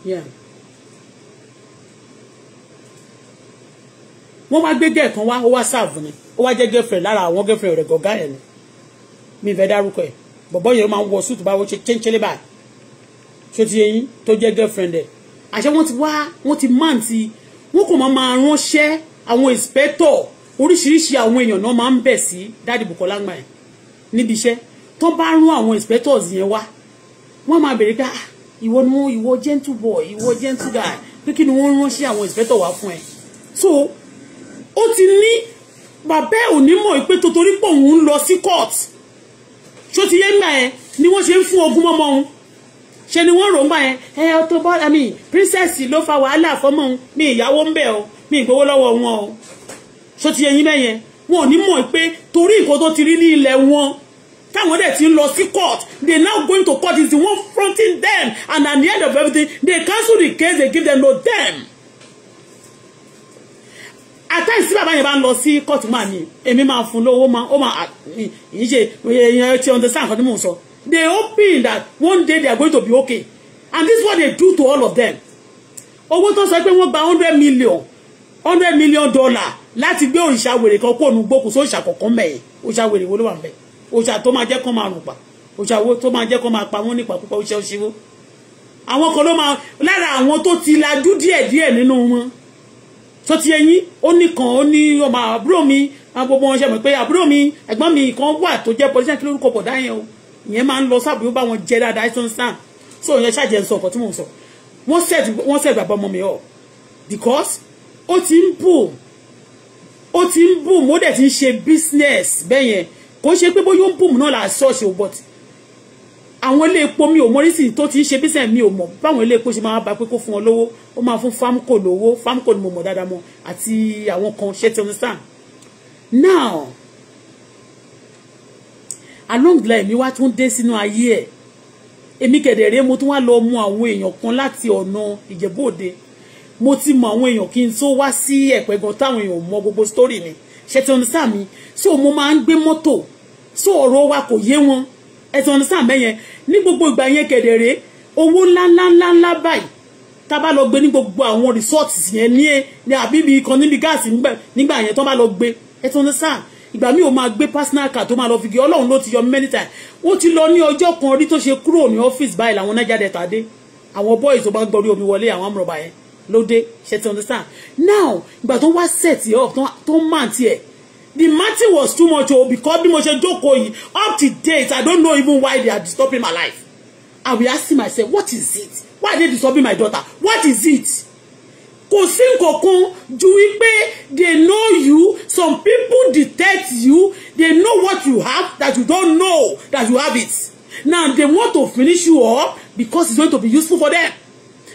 Speaker 2: Yeah. wọ́n wá gbé gẹ́ẹ̀ kan wá ó wá sáàfù ni ó wá jẹ́ girlfriend lára àwọn girlfriend rẹ̀ gọ̀gá ẹ̀ ni mi fẹ́ dárúkọ ẹ̀ bọ̀bọ́ yẹn máa ń wọ súùtù báwo ṣe chéńchélé báyìí ṣó ti eyín tó jẹ́ girlfriend ẹ̀ àṣẹ wọ́n ti wá wọ́n ti máa ti wọ́n kò máa máa ránṣẹ́ àwọn inspector oríṣiríṣi àwọn èèyàn náà máa ń bẹ̀ sí dáàdì Bukola ńgbà yẹn níbi iṣẹ́ tó bá rán àwọn inspectors yẹn wá wọ́n máa bèrè pé ah, ìwọ ni wọ́n ìwọ gentle boy ìwọ gentle guy pé kí ni wọ́n ránṣẹ́ àwọn inspector wá fún ẹ so ó ti ní bàbá ẹ̀ ò ní mọ̀ pé torí pé òun ń lọ sí court ṣó ti yé ńgbà yẹn ni wọ́n ṣe ń fún ogún mọ́mọ́ òun ṣe ni wọ́n rò ń gbà yẹn ẹ Auto Bola mi princess ló fa wàhálà fọ́mọ òun mi ìyàwó ń bẹ̀ o mi ìgbowó lọ́wọ́ wọn o ṣó ti yẹyin bẹ́yẹn wọn ò ní mọ̀ pé torí nǹkan tó ti rí ní ilẹ̀ wọn táwọn dẹ̀ ti ń lọ sí court they now going to court is the one fronting them and at the end of everything they cancel the case they give them no dem àtẹ́yìn sí bàbá yẹn bá ń lọ sí court máa mi èmi máa fún lówó máa ó máa ìyíṣe ìyẹn ti ọ̀ndẹ́sán kan ní mò ń sọ They hoping that one day they are going to be okay. And this is what they do to all of them. Owó tó sọ pé wọ́n gba hundred million hundred million dollar láti gbé òrìṣà wèrè kan kó ònú gbókùn sóòṣà kọ̀ọ̀kan mẹ́ẹ̀ òrìṣà wèrè wo ló wà mẹ́ẹ̀ òrìṣà tó máa jẹ́ kán máa rùn pa òrìṣà tó máa jẹ́ kán máa pa wọ́n nípa púpọ̀ òrìṣà òṣìwò àwọn kan ló máa lára àwọn tó ti lajú díẹ̀ díẹ̀ nínú wọn tó ti ẹyin ó nìkan ó ní ọmọ àbúrò mi gbogbo wọn ṣe mọ̀ pé àbúrò mi ẹ̀gbọ́n mi kan wà tó jẹ́ pọlísẹ́ kí lórúkọ bọ̀dá yẹn o ìyẹn máa ń lọ sáàbù yóò bá wọn jẹ dáadáa ẹsùn sàn so ìyẹn ṣàjẹ ń sọ ọkọ tí mò ń sọ wọ́n set wọ́n set bàbá ọmọ mi ọ because ó ti ń bù ó ti ń bù mo dẹ̀ ti ń ṣe business bẹ́ẹ̀ yẹn kò ṣe pé bóyá ó ń bù mí náà là ṣọ́ọ̀ṣì ò bọ̀tì àwọn ilé epo mi ò mọ orísìí tó ti ń ṣe business mi ò mọ̀ báwọn ilé epo ṣe máa bá pé kó fún wọn lówó ó máa fún farmco lówó farmco ni mo mọ̀ dáadáa mọ̀ àti àwọn kan ṣe ti understand now along line mi wá tún dé sínú ayé ẹ̀ èmi kẹ̀dẹ̀rẹ́ mo tún wá lọ mú àwọn èèyàn kan láti ọ̀nà Ìjẹ̀bú Òde mo ti mọ àwọn èèyàn kí n tó wá sí Ẹ̀pẹ́ táwọn èèyàn mọ gbogbo story mi ṣe ti ọ̀nà mi so mo máa ń gbé mọ́tò so ọ̀rọ̀ wa kò yé wọn ẹ̀sìn ọ̀nà sáà mẹ́yẹn ní gbogbo ìgbà yẹn kẹ̀dẹ̀rẹ́ owó ńláńláńláńlá báyìí tá a bá lọ gbé ní gbogbo àwọn resorts yẹn ní àbíbi kan níbi gáàsì nígbà yẹn tó bá lọ gbé ẹ̀sìn ọ̀nà ìgbà mi ò máa gbé personal car tó máa lọ fìgì ọlọ́run ló ti yọ many times wọ́n ti lọ ní ọjọ́ kan rí tó ṣe kúrò ní ọ́fíìsì báyìí làwọn Niger Delta dé àwọn boys tó bá ń gbọ́ orí omi wọlé àwọn amúrọ̀bà yẹn ló dé ṣe ti understand now ìgbà tó wá set up tó ń màn tiẹ̀ the matter was too much o because bí mo ṣe jókòó yìí up to date I don't know even why they are disturbing my life I will ask myself what is it why they disturbing my daughter what is it kò sí nǹkankan ju wípé they know you some people detect you they know what you have that you don't know that you have it now they want to finish you up because it's going to be useful for them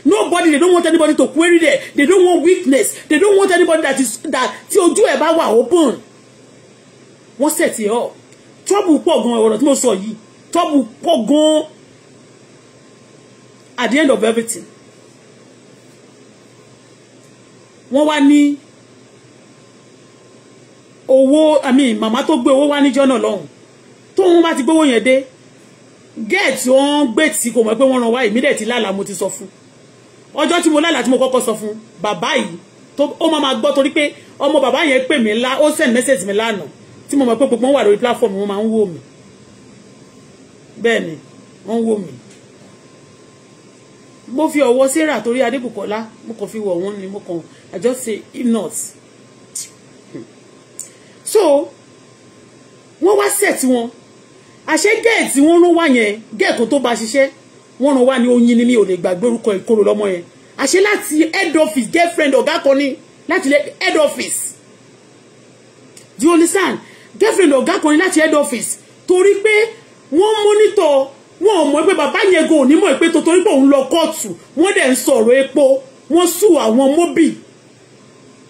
Speaker 2: nobody they don't want anybody to query them they don't want weakness they don't want anybody that is that tí ojú ẹ̀ bá wà open wọ́n set it up trouble pọ̀ gan ọ̀rọ̀ tí mo sọ yìí trouble pọ̀ gan at the end of everything wọ́n wá ní owó i mean màmá tó gbé owó wá níjọ́ náà lọ́hùn tóun bá ti gbówó yẹn dé gẹ́ẹ̀tì wọ́n gbé tí kò mọ̀ pé wọ́n ràn wá ìmídẹ̀ tí lálàá mo ti sọ fún ọjọ́ tí mo lálàá tí mo kọ́kọ́ sọ fún bàbá yìí tó ó máa gbọ́ torí pé ọmọ bàbá yẹn pè mí ńlá ó send message mi lánàá tí mo mọ̀ pé gbogbo wọn wà lórí platform wọn máa ń wò mí bẹ́ẹ̀ ni wọ́n wò mí mo fi ọwọ́ sarah torí adébùkọ́lá mo kàn fi wọ̀ wọ́n ni mo kàn i just say if not so wọ́n wá set wọn àṣé gẹ́ẹ̀ tí wọ́n rán wá yẹn gẹ́ẹ̀ kan tó bá ṣiṣẹ́ wọ́n rán wá ní oyin ni mi ò lè gbàgbé orúkọ ìkorò lọ́mọ yẹn àṣé láti head office girlfriend ọ̀gá kan ní láti head office do you understand girlfriend ọ̀gá kan ní láti head office torí pé wọ́n monitor wọn ò mọ̀ pé bàbá yẹn gan ò ní mọ̀ pé torí pé òun lọ kóòtù wọ́n dẹ̀ ń sọ̀rọ̀ epo wọ́n sù àwọn mọ́bì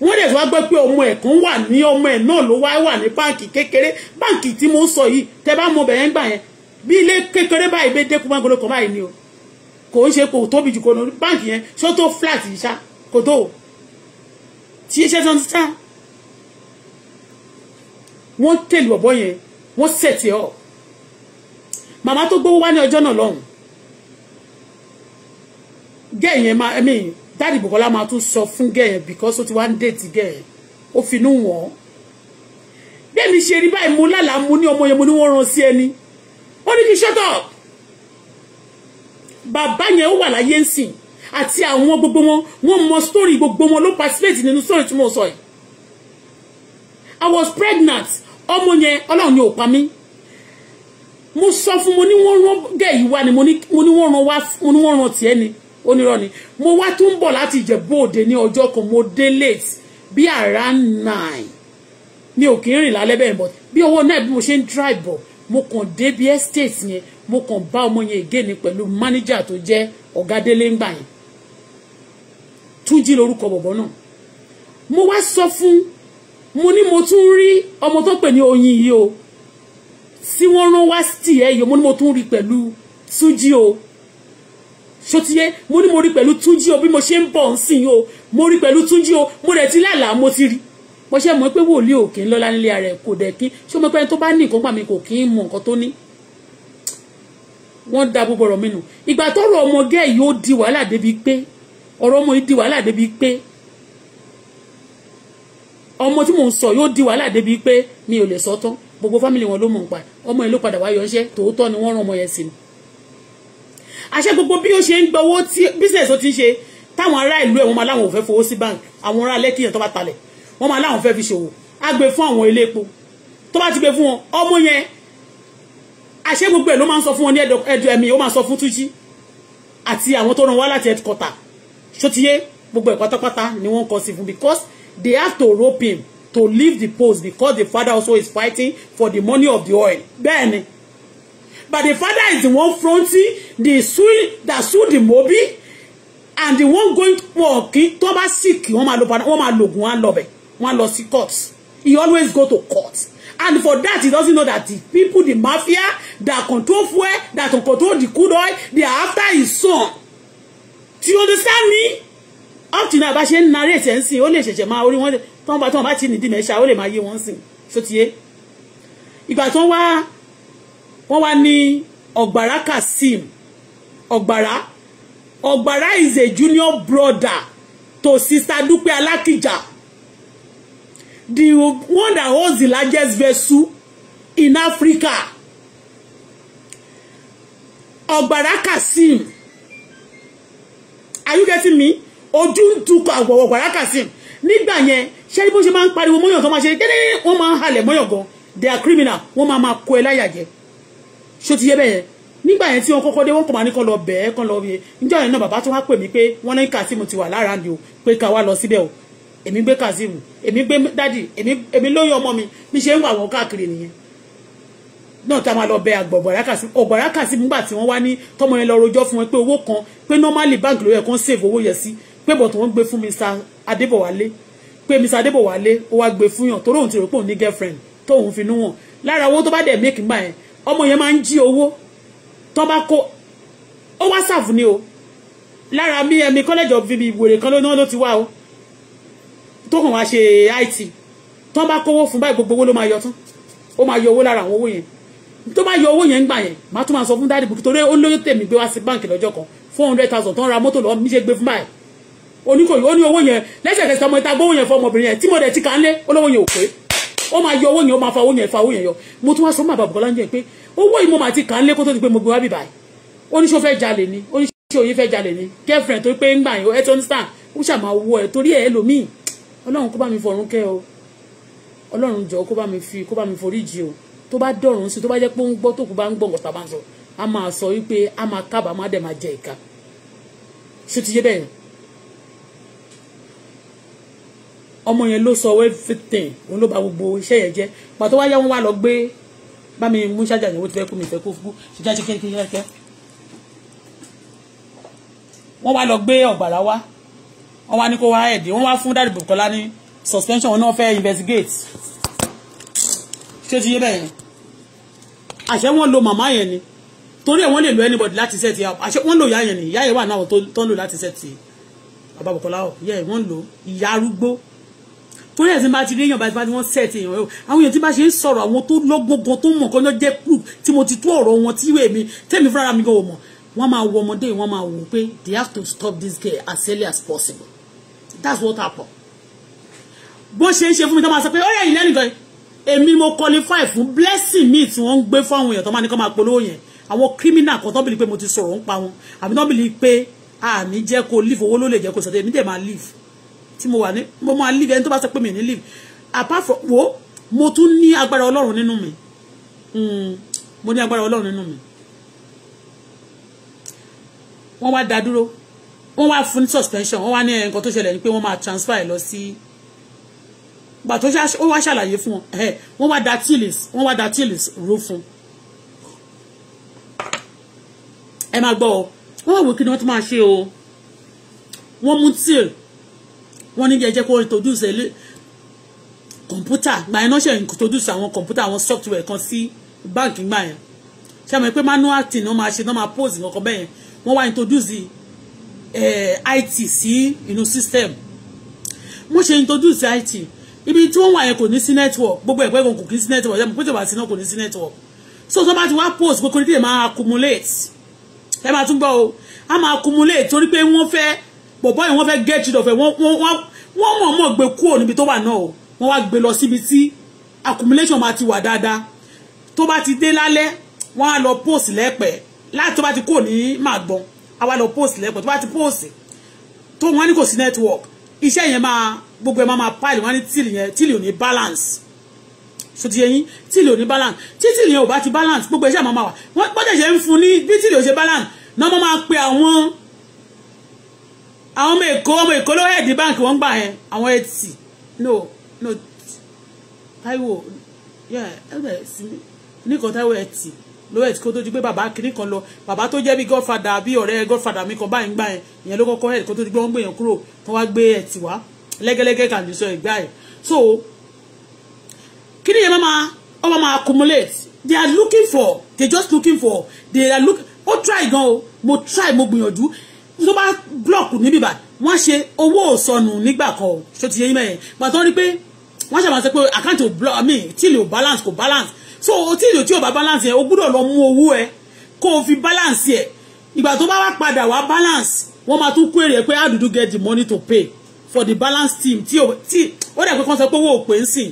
Speaker 2: wọ́n dẹ̀ tó wá gbọ́ pé ọmọ ẹ̀ kan wà ní ọmọ ẹ̀ náà ló wá wà ní báǹkì kékeré báǹkì tí mo ń sọ yìí tẹ bá mọ bẹ̀yẹn gbà yẹn bí ilé kékeré báyìí bẹ dẹ́kun máa gbọ́dọ̀ kàn báyìí ni o kò ń ṣe kò tóbi jù kò ní báǹkì yẹn ṣó tó flat yìí ṣá kò tó tí iṣẹ́ tó ń tán wọ́n tèlù ọ̀bọ yẹn wọ́n set it up màmá tó gbowó wá ní ọjọ́ náà lọ́hùn gẹ́ẹ̀ yẹn máa ẹ̀mí dáàdì Bùkọ́lá máa tún sọ fún gẹ́ẹ̀ yẹn because ó ti wá ń déètì gẹ́ẹ̀ yẹn ó finú wọ̀n bẹ́ẹ̀ni ṣe rí báyìí mo lálàá mo ní ọmọ yẹn mo ní wọ́n ran sí ẹni ó ní kí shut up bàbá yẹn ó wà láyé ń sìn àti àwọn gbogbo wọn wọ́n mọ story gbogbo wọn ló participate nínú story tí mo sọ yìí I was pregnant ọmọ yẹn ọlọ́run ni ò pa mí mo sọ fún mo ní wọ́n rán gẹ̀ yìí wá ni mo ní wọ́n rán wá mo ní wọ́n rán tiẹ̀ ni onírọ̀ ni mo wá tún bọ̀ láti Ìjẹ̀bú Òde ní ọjọ́ kan mo dé late bí around nine mi ò kì rìn lálẹ́ bẹ́ẹ̀ bọ̀ bí owó náà bí mo ṣe ń drive bọ̀ mo kàn dé bí estate yẹn mo kàn bá ọmọ yẹn again pẹ̀lú manager tó jẹ́ ọ̀gádélé ńgbà yẹn Túnjí lórúkọ bọ̀bọ̀ náà mo wá sọ fún mo ní mo tún rí ọmọ tó pè ní oyin yìí o sí wọ́n rán wá sí ẹ̀ yìí mo ní mo tún rí pẹ̀lú túnjí o ṣótiyé mo ní mo rí pẹ̀lú túnjí o bí mo ṣe ń bọ̀ ń o mo rí pẹ̀lú túnjí o mo rẹ̀ ti lálàá mo ti rí mo ṣe mọ̀ pé wòlíì òkè ń lọ́lá nílé rẹ̀ kò dẹ̀ kí ṣé mo pẹ́ tó bá ní nǹkan gbà mí kò kí ń mọ nǹkan tó ní wọ́n da gbogbo ọ̀rọ̀ mi nù ìgbà tọ́rọ̀ ọmọ gẹ́ yìí ó di wàhálà débi pé ọ̀rọ̀ ọmọ yìí di wàhálà débi pé ọmọ tí mò ń sọ yóò di wàhálà débi pé mi ò lè sọ tán gbogbo fámìlì wọn ló mọ̀ nípa ọmọ yẹn ló padà wá yọṣẹ́ tòótọ́ ni wọ́n rán ọmọ yẹn sí ni. àṣẹ gbogbo bí ó ṣe ń gbowó tí business ó ti ń ṣe táwọn ará ìlú ẹ̀ wọ́n máa láwọn ò fẹ́ fowó sí bank àwọn ará lẹ́kì yẹn tó bá talẹ̀ wọ́n máa láwọn fẹ́ fi ṣòwò á gbé fún àwọn ilé epo tó bá ti gbé fún wọn ọmọ yẹn àṣẹ gbogbo ẹ̀ ló máa ń sọ fún wọn ní ẹ̀dọ̀ ẹ̀mí ó máa sọ fún tújí àti àwọn tó ràn wá láti headquarter ṣó ti yé gbogbo ẹ̀ pátápátá ni wọ́n kọ sí fún because they have to rope him to leave the post because the father also is fighting for the money of the oil bẹ́ẹ̀ but the father is the one fronting the suit that sued the mobi and the one going to kí tó bá sick wọ́n máa lo court he always go to court and for that he doesn't know that the people the mafia that control fuel that control the crude oil they are after his son do you understand me up till now bá ṣe ń narrate ẹ̀ ń sìn ó lè ṣẹ̀ṣẹ̀ máa orí wọn tán bá tán bá ti nìdí mẹ́ṣà ó lè máa yé wọn sìn sotiye ìgbà tó wá wọ́n wá ní ọ̀gbàrá Kasim ọ̀gbàrá ọ̀gbàrá is a junior brother to sister Dúpẹ́ Alákìjà the one that holds the largest vessel in Africa ọ̀gbàrá Kasim are you getting me? ojú ń tukọ̀ àgbọ̀wọ̀ gbàràkà sí nígbà yẹn ṣé bó ṣe máa ń pariwo mọ́yàn tó máa ṣe dédé wọ́n máa ń halẹ̀ mọ́yàn gan they are criminal wọ́n máa máa kó ẹ láyà jẹ ṣó ti yẹ bẹ́ẹ̀ yẹn nígbà yẹn tí wọn kọ́kọ́ dé wọn kò máa ní kọ́ lọ bẹ́ẹ̀ kọ́ lọ yẹ níjọ́ yẹn náà bàbá tó wá pè mí pé wọ́n ní Kazeem ti wà lára ni o pé ká wá lọ síbẹ̀ o èmi gbé Kazeem èmi gbé dádì èmi lóyún ọmọ mi mi ṣe ń wà wọ́n káàkiri nìyẹn náà tá a máa lọ bẹ ọ̀gbọ̀rá Kazeem nígbà tí wọ́n wá ní tọ́mọ yẹn lọ rojọ́ fún wọn pé owó kan pé normally bank ló yẹ kán save owó yẹn sí pé bọ̀ tó ń gbé fún Mr Adébọ̀wálé pé Mr Adébọ̀wálé ó wá gbé fún yàn torí òun ti rò pé òun ní girlfriend tóun fi nú wọn lára owó tó bá dẹ̀ make ń bá yẹn ọmọ yẹn máa ń jí owó tó bá kó ó wá sàfù ni o lára mi ẹ̀mí college of vb wèrè kan lónìí ló ti wá o tó kàn wá ṣe it tó bá kówó fún báyìí gbogbo owó ló máa yọ tán ó máa yọ owó lára àwọn owó yẹn tó bá yọ owó yẹn ń gbà yẹn màá tún máa sọ fún dáàdì bùkún torí tèmi gbé wá sí báǹkì lọ́jọ́ kan four hundred thousand tó ń ra mọ́tò lọ́wọ́ mi ṣe gbé fún báyìí oníkòyí ó ní owó yẹn lẹ́sẹ̀kẹsẹ̀ ọmọ ìta gbówó yẹn fún ọmọbìnrin yẹn tí mo dẹ̀ ti kà ń lé olówó yẹn ò pé ó máa yọ owó yẹn ó máa fa owó yẹn fa owó yẹn yọ mo tún wá sọ máa bàbá Bọ́lá ń jẹ pé owó yìí mo máa ti kà ń lé kó tó di pé mo gbé wá bì báyìí oníṣó fẹ́ jalè ni oníṣó yìí fẹ́ jalè ni girlfriend tó pé ń gbà yín ẹ tó ń sàn ó ṣàmà owó ẹ torí ẹ lòmíì Ọlọ́run kó bá mi fọ̀run kẹ́ o Ọlọ́run jọ kó bá mi fi kó bá mi foríjì o tó bá dọ̀rùn sí tó bá jẹ́ pé ó ń gbọ́ tó kù bá ń gbọ́ nǹkan tá a bá sọ a máa sọ wípé a máa kábàámọ̀ dẹ̀ máa jẹ ìka ṣé ti yé bẹ́ẹ̀ ọmọ yẹn ló sọ everything òun ló ba gbogbo iṣẹ́ yẹn jẹ́ pàtó wáyé wọn wá lọ gbé bá mi mú ṣájà yẹn wọ́n ti fẹ́ kú mi fẹ́ kó fún ṣe jáde kékeré wọ́n wá lọ gbé ọ̀gbàrá wá wọ́n wá ní kó wá ẹ̀dí wọ́n wá fún dáàdì Bùkọ́lá ní suspension wọn náà fẹ́ investigate ṣé ti yé bẹ́ẹ̀ yẹn àṣẹ wọn lo màmá yẹn ni torí ẹ̀ wọ́n lè lo anybody láti set yà àṣẹ wọ́n lò yá yẹn ni ìyá yẹn wà náà tó ń lò láti set bàbá Bùkọ́lá yẹ wọ́n lò ìyá arúgbó torí ẹ̀sìn bá ti rí èèyàn bá ti wọ́n set èèyàn o àwọn èèyàn tí bá ṣe ń sọ̀rọ̀ àwọn tó lọ́gbọ̀ngàn tó mọ̀ kọ́nà jẹ́ kú tí mo ti tó ọ̀rọ̀ wọn tí èmi tẹ́mi fúnra mi gan mọ̀ wọ́n máa wọ ọmọdé wọ́n máa wò pé they have to stop this girl as early as possible that's what happen bó ṣe ń ṣe fún mi tó máa sọ pé ó yẹ ìlẹ́nu gan èmi mo qualify fún blessing mi tí wọ́n ń gbé fún àwọn èèyàn tó máa ní kó máa polówó yẹn àwọn criminal kan tó bìlí pé mo ti sọ̀rọ̀ ń pa wọn àbí tó bìlí pé àmì jẹ́ kó leave owó ló lè jẹ́ kó sọ̀tẹ́ èmi dẹ̀ máa leave tí mo wà ní mo máa live ẹni tó bá sọ pé mi ò live apart from wo mo tún ní agbára ọlọ́run nínú mi hmm, mo ní agbára ọlọ́run nínú mi wọ́n wá dá dúró wọ́n wá fún suspension wọ́n wá ní nǹkan tó ṣẹlẹ̀ ni pé wọ́n máa transfer ẹ̀ lọ sí gbà tó ó wá ṣàlàyé fún wọn wọ́n wá dá tíìlìs wọ́n wá dá tíìlìs ró fún ẹ máa gbọ́ ọ wọ́n wò kí ni wọ́n tún máa ṣe o wọ́n mú tíìlì wọ́n ní jẹ́jẹ́ kó introduce kọ̀ǹpútà gbà iná ṣe introduce àwọn kọ̀ǹpútà àwọn software kan sí báǹkì gbà yẹn ṣe àmọ́ pé manual thing wọ́n máa ṣe wọ́n máa pose nǹkan kan bẹ́ẹ̀ yẹn wọ́n wá introduce eh, IT sí inú system mo ṣe introduce IT ibi tí wọ́n wà yẹn kò ní sí network gbogbo ẹ̀pẹ́ kan kò ní sí network ṣe àmọ́ pé tèbà sí náà kò ní sí network so tó bá ti wá post kókó ní kí lè máa accumulate ẹ máa tún gbọ́ o a máa accumulate torí pé wọ́n fẹ́ bọ̀bọ́ yìí wọ́n fẹ́ get rid of ẹ̀ wọ́n wọ́n mọ̀ mọ̀ gbé kúrò níbi tó wà náà wọ́n wá gbé lọ síbi tí accumulation máa ti wà dáadáa tó bá ti dé lálẹ́ wọ́n á lọ post lẹ́pẹ̀ láti tó bá ti kúrò ní màgbọ́n á wá lọ post lẹ́pẹ̀ tó bá ti post tó wọ́n ní kò sí network iṣẹ́ yẹn máa gbogbo ẹ̀ máa máa pile wọ́n ní tíìlì yẹn tíìlì ò ní balance so ti yẹyin tíìlì ò ní balance tí tíìlì yẹn ò bá ti balance gbogbo iṣẹ́ àmọ́ máa wà wọ́n gbọ́dọ̀ ṣe ń fún ní bí tíìlì ò ṣe balance náà wọ́n máa pe àwọn àwọn ọmọ èkó ọmọ èkó ló hẹ̀dí báǹkì wọ́n gbà yẹn àwọn etí no no Táíwò ẹgbẹ́ sí mi nìkan Táíwò etí ló hẹ̀dí kó tó di pé bàbá kìnnì kan lọ bàbá tó jẹ́ bí godfather bí ọ̀rẹ́ godfather mi kan báyìí ń gbà yẹn ìyẹn ló kọ́kọ́ hẹ̀dí kó tó di pé wọ́n gbé yẹn kúrò tó wá gbé etí wá lẹ́gẹ́lẹ́gẹ́ kàdé sọ ìgbà yẹn so kìnnì yẹn máa ọmọ máa accumulate they are looking for they just looking for they are look ó try gan o mo try mo gbìyànjú tó bá blọọkù níbí bá wọ́n ṣe owó òsọnù nígbà kan o ṣó ti yẹ yín mẹ́yẹn pàtó rí pé wọ́n ṣàbà sọ pé àkáǹtì ò block mi tíìlì ò balance kò balance so tíìlì tí ò bá balance yẹn o gbúdọ̀ lọ mú owó ẹ kó o fi balance yẹ ìgbà tó bá wá padà wá balance wọ́n máa tún kó èrè pé how did you get the money to pay for the balance team tí o tí ó dẹ̀ pé kán sọ pé owó ò pé ń sìn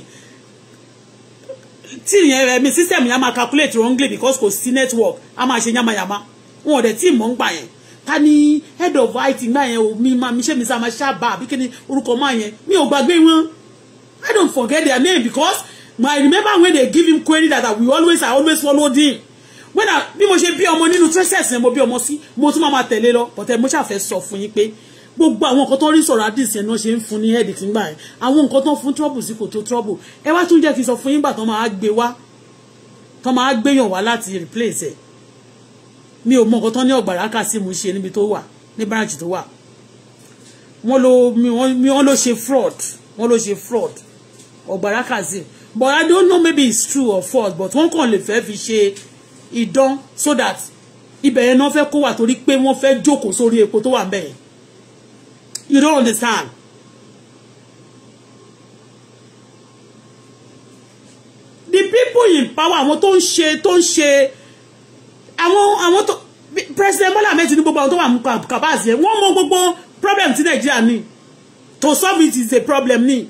Speaker 2: tí ìyẹn ẹ̀mí system yẹn máa calculate wrongly because kò sí network a máa ṣe yamayama wọn ò dẹ̀ tí ì mọ̀ ń gbà yẹn ta ni head of IT náà yẹn o mi máa mi ṣe mi sá máa ṣáàbà àbí kí ni orúkọ máa yẹn mi ò gbàgbé wọn I don't forget their name because my remember when they give him query that, we always I always follow him when I bí mo ṣe bí ọmọ nínú traces yẹn mo bí ọmọ sí mo tún máa máa tẹ̀lé lọ but ẹ mo ṣàfẹ́ sọ fún yín pé gbogbo àwọn nǹkan tó rí sọ̀rọ̀ àdìsí ẹ̀ náà ṣe ń fún ní head tí ń gbà ẹ̀ àwọn nǹkan tó fún trouble sí kò tó trouble ẹ wá tún jẹ́ kí n sọ fún yín gbà tó máa gbé wá tó máa gbéyàn wá láti replace ẹ̀ mi ò mọ nǹkan tán ní ọ̀gbàrá Kazeem ṣe níbi tó wà ní báràjì tó wà wọ́n ló mi wọ́n ló ṣe fraud wọ́n ló ṣe fraud ọ̀gbàrá Kazeem but I don't know maybe it's true or false but wọ́n kàn lè fẹ́ fi ṣe ìdán so that ibẹ̀ yẹn náà fẹ́ kó wà torí pé wọ́n fẹ́ jókòó sórí epo tó wà ń bẹ̀ yẹn you don't understand. the people in power àwọn tó ń ṣe tó ń ṣe àwọn àwọn tó president Bola Ahmed Tinubu gbogbo àwọn tó wà mú Kabaz yẹn wọ́n mọ gbogbo problem ti Nàìjíríà ni to solve it is a problem ni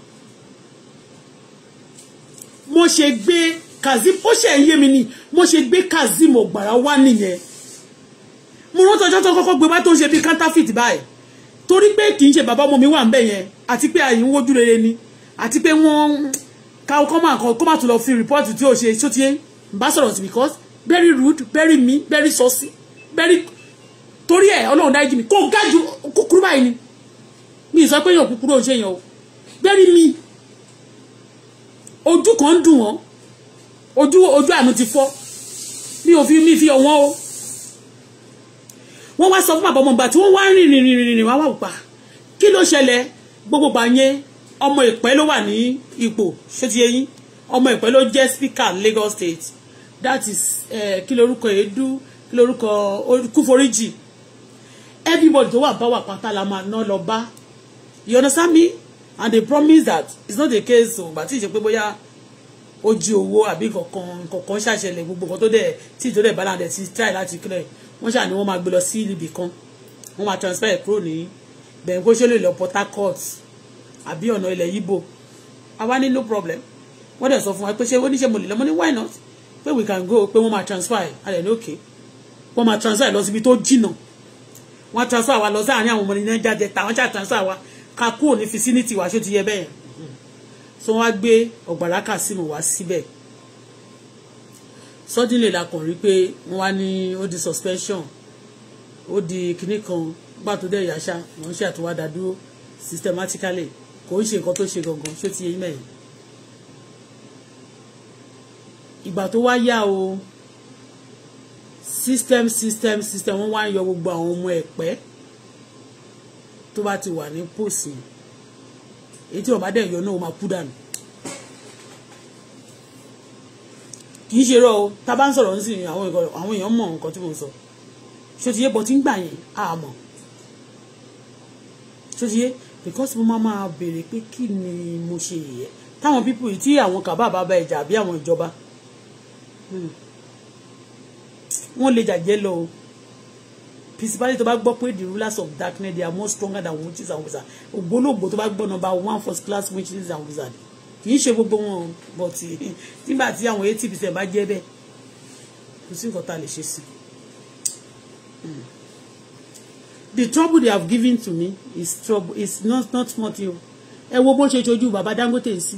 Speaker 2: mo ṣe gbé Kazeem ó ṣe ń yé mi ni mo ṣe gbé Kazeem Ògbàrà wá nìyẹn mo rántí ọjọ́ tó kọ́kọ́ gbé wá tó ń ṣe bí counterfeit báyìí torí pé kì í ṣe bàbá ọmọ mi wà ń bẹ̀ yẹn àti pé àyè ń wojú rere ni àti pé wọ́n ká kọ́ máa kọ́ máa tún lọ fi rìpọ́ọ̀tì tí ó ṣe ṣó ti ń bá sọ̀rọ̀ sí because very rude very mean very saucy very torí ẹ̀ ọlọ́run dájú mi kò ga ju kúkúrú báyìí ni mi ì sọ pé èèyàn kúkúrú ò èèyàn o very mean ojú kan ń dùn wọ́n ojú ojú àánú ti fọ́ mi ò fi mi fi ọ̀wọ́n o wọ́n wá sọ fún bàbá ọmọ ìgbà tí wọ́n wá rìn rìn rìn rìn rìn wá wà pa kí ló ṣẹlẹ̀ gbogbo gbà yẹn ọmọ ìpẹ́ ló wà ní ipò ṣé ti yé yín ọmọ ìpẹ́ ló jẹ́ speaker Lagos State that is eh, kí lorúkọ èédú kí lorúkọ kúforíjì everybody tó wà bá wà pátá la máa ná lọ bá you understand me and they promise that it's not the case o gbà tí ìṣe pé bóyá ó jí owó àbí kankan kankan ṣàṣẹlẹ̀ gbogbo kan tó dẹ̀ tí ìjọba ìbálà dẹ̀ ti try láti clear wọ́n ṣà ni wọ́n máa gbé lọ sí ibì kan wọ́n máa transfer ẹ̀ kúrò ní bẹ̀rẹ̀ kó ṣe lè lọ Port Harcourt àbí ọ̀nà ilẹ̀ Yíbò àwa ní no problem wọ́n dẹ̀ sọ fún wa pé ṣé ó ní ṣe mo lè lọ mo ní why not pé we can go pé wọ́n máa transfer ẹ̀ alẹ́ ní òkè wọ́n máa transfer ẹ̀ lọ síbi tó jìnnà wọ́n transfer wa lọ sáàárín àwọn ọmọ ní náà jáde tàwọn ṣáà transfer wa ká kúrò ní facility wa ṣó ti yẹ bẹ́ẹ̀ so wọ́n wá gbé ọ̀gbàrá Kazeem wá síbẹ̀ suddenly la kàn rí pé wọ́n wá ní ó di suspension ó di kinní kan gbà tó dẹ̀ yàṣà wọ́n ṣe àtúwádà dúró systematically kò ń ṣe nǹkan tó ṣe gangan ṣó ti yẹ mẹ́yìn ìgbà tó wá yá o system system system wọ́n wá ń yọ gbogbo àwọn ọmọ ẹ̀pẹ́ tó bá ti wà ní pòsì èyí tí ọba dẹ̀ yọ náà ó máa kú dànù kì í ṣe rọ o tá bá ń sọ̀rọ̀ ń sìn àwọn èèyàn mọ̀ nǹkan tí mo sọ ṣé ti yé bọ́ tí ń gbà yẹn á mọ̀ ṣé ti yé because mo máa máa béèrè pé kí ni mo ṣe yẹ táwọn pípò yìí tí àwọn kàbá bá bá àbí àwọn ìjọba Hmm. wọ́n lè jàjẹ́ lọ o principally tó bá gbọ́ pé the rulers of darkness they are more stronger than witches and wizards ògbólógbò tó bá gbọ́ number one first class witches and wizards kì í ṣe gbogbo wọn but nígbà tí àwọn eighty percent bá jẹ́ bẹ́ẹ̀ kò sí nǹkan tá a lè ṣe sí hmm. the trouble they have given to me is trouble is not not small thing o ẹ wo bó ṣe ṣojú baba Dangote sí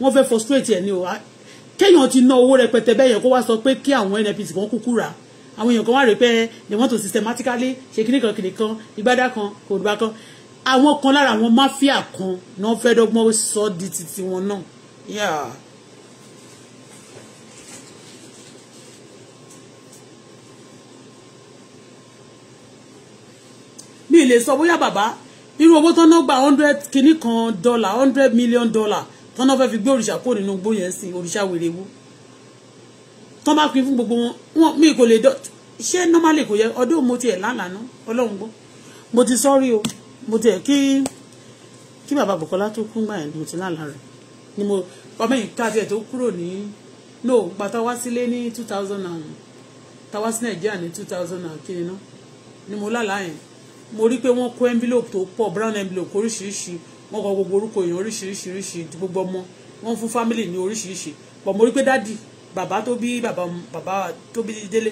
Speaker 2: wọ́n fẹ́ frustrate ẹ ní o kéèyàn ti ná owó rẹpẹtẹ bẹ́ẹ̀ yẹn kó wá sọ pé kí àwọn nnpc kan kúkú rà àwọn èèyàn kan wá rè pé they want to systematically ṣe kíní kan kìnì kan ìgbádá kan kò dùbà kan àwọn kan lára àwọn máfíà kan náà fẹ́ dọ́gbọ́n sọ di titi wọn náà. Yeah. mi lè sọ bóyá bàbá irú owó tó ná gba hundred kìíní kan dollar hundred million dollar wọn náà fẹ́ fi gbé òrìṣà kúrò nínú igbó yẹn sìn òrìṣà wèrè wo tọ́ bá pin fún gbogbo wọn mi kò lè dọ́ ṣé normally kò yẹ ọdún mo tiẹ̀ lálàánú ọlọ́run gbọ́ mo ti sọ́rí o mo tiẹ̀ kí kí bàbá Bùkọ́lá tó kún gbà yẹn mo ti lálàá rẹ̀ ni mo ọmọ yìí ká tiẹ̀ tó kúrò ní no pàtó wá sílé ní two thousand and táwa sí Nàìjíríà ní two thousand and kí ni ná ni mo lálàá yẹn mo rí pé wọ́n kó envelope tó pọ̀ brown envelope oríṣiríṣi wọ́n kọ gbogbo orúkọ èèyàn oríṣiríṣi oríṣi gbogbo ọmọ wọ́n fún family ní oríṣiríṣi pọ̀ mo rí pé dádì bàbá tó bí bàbá bàbá tó bí délé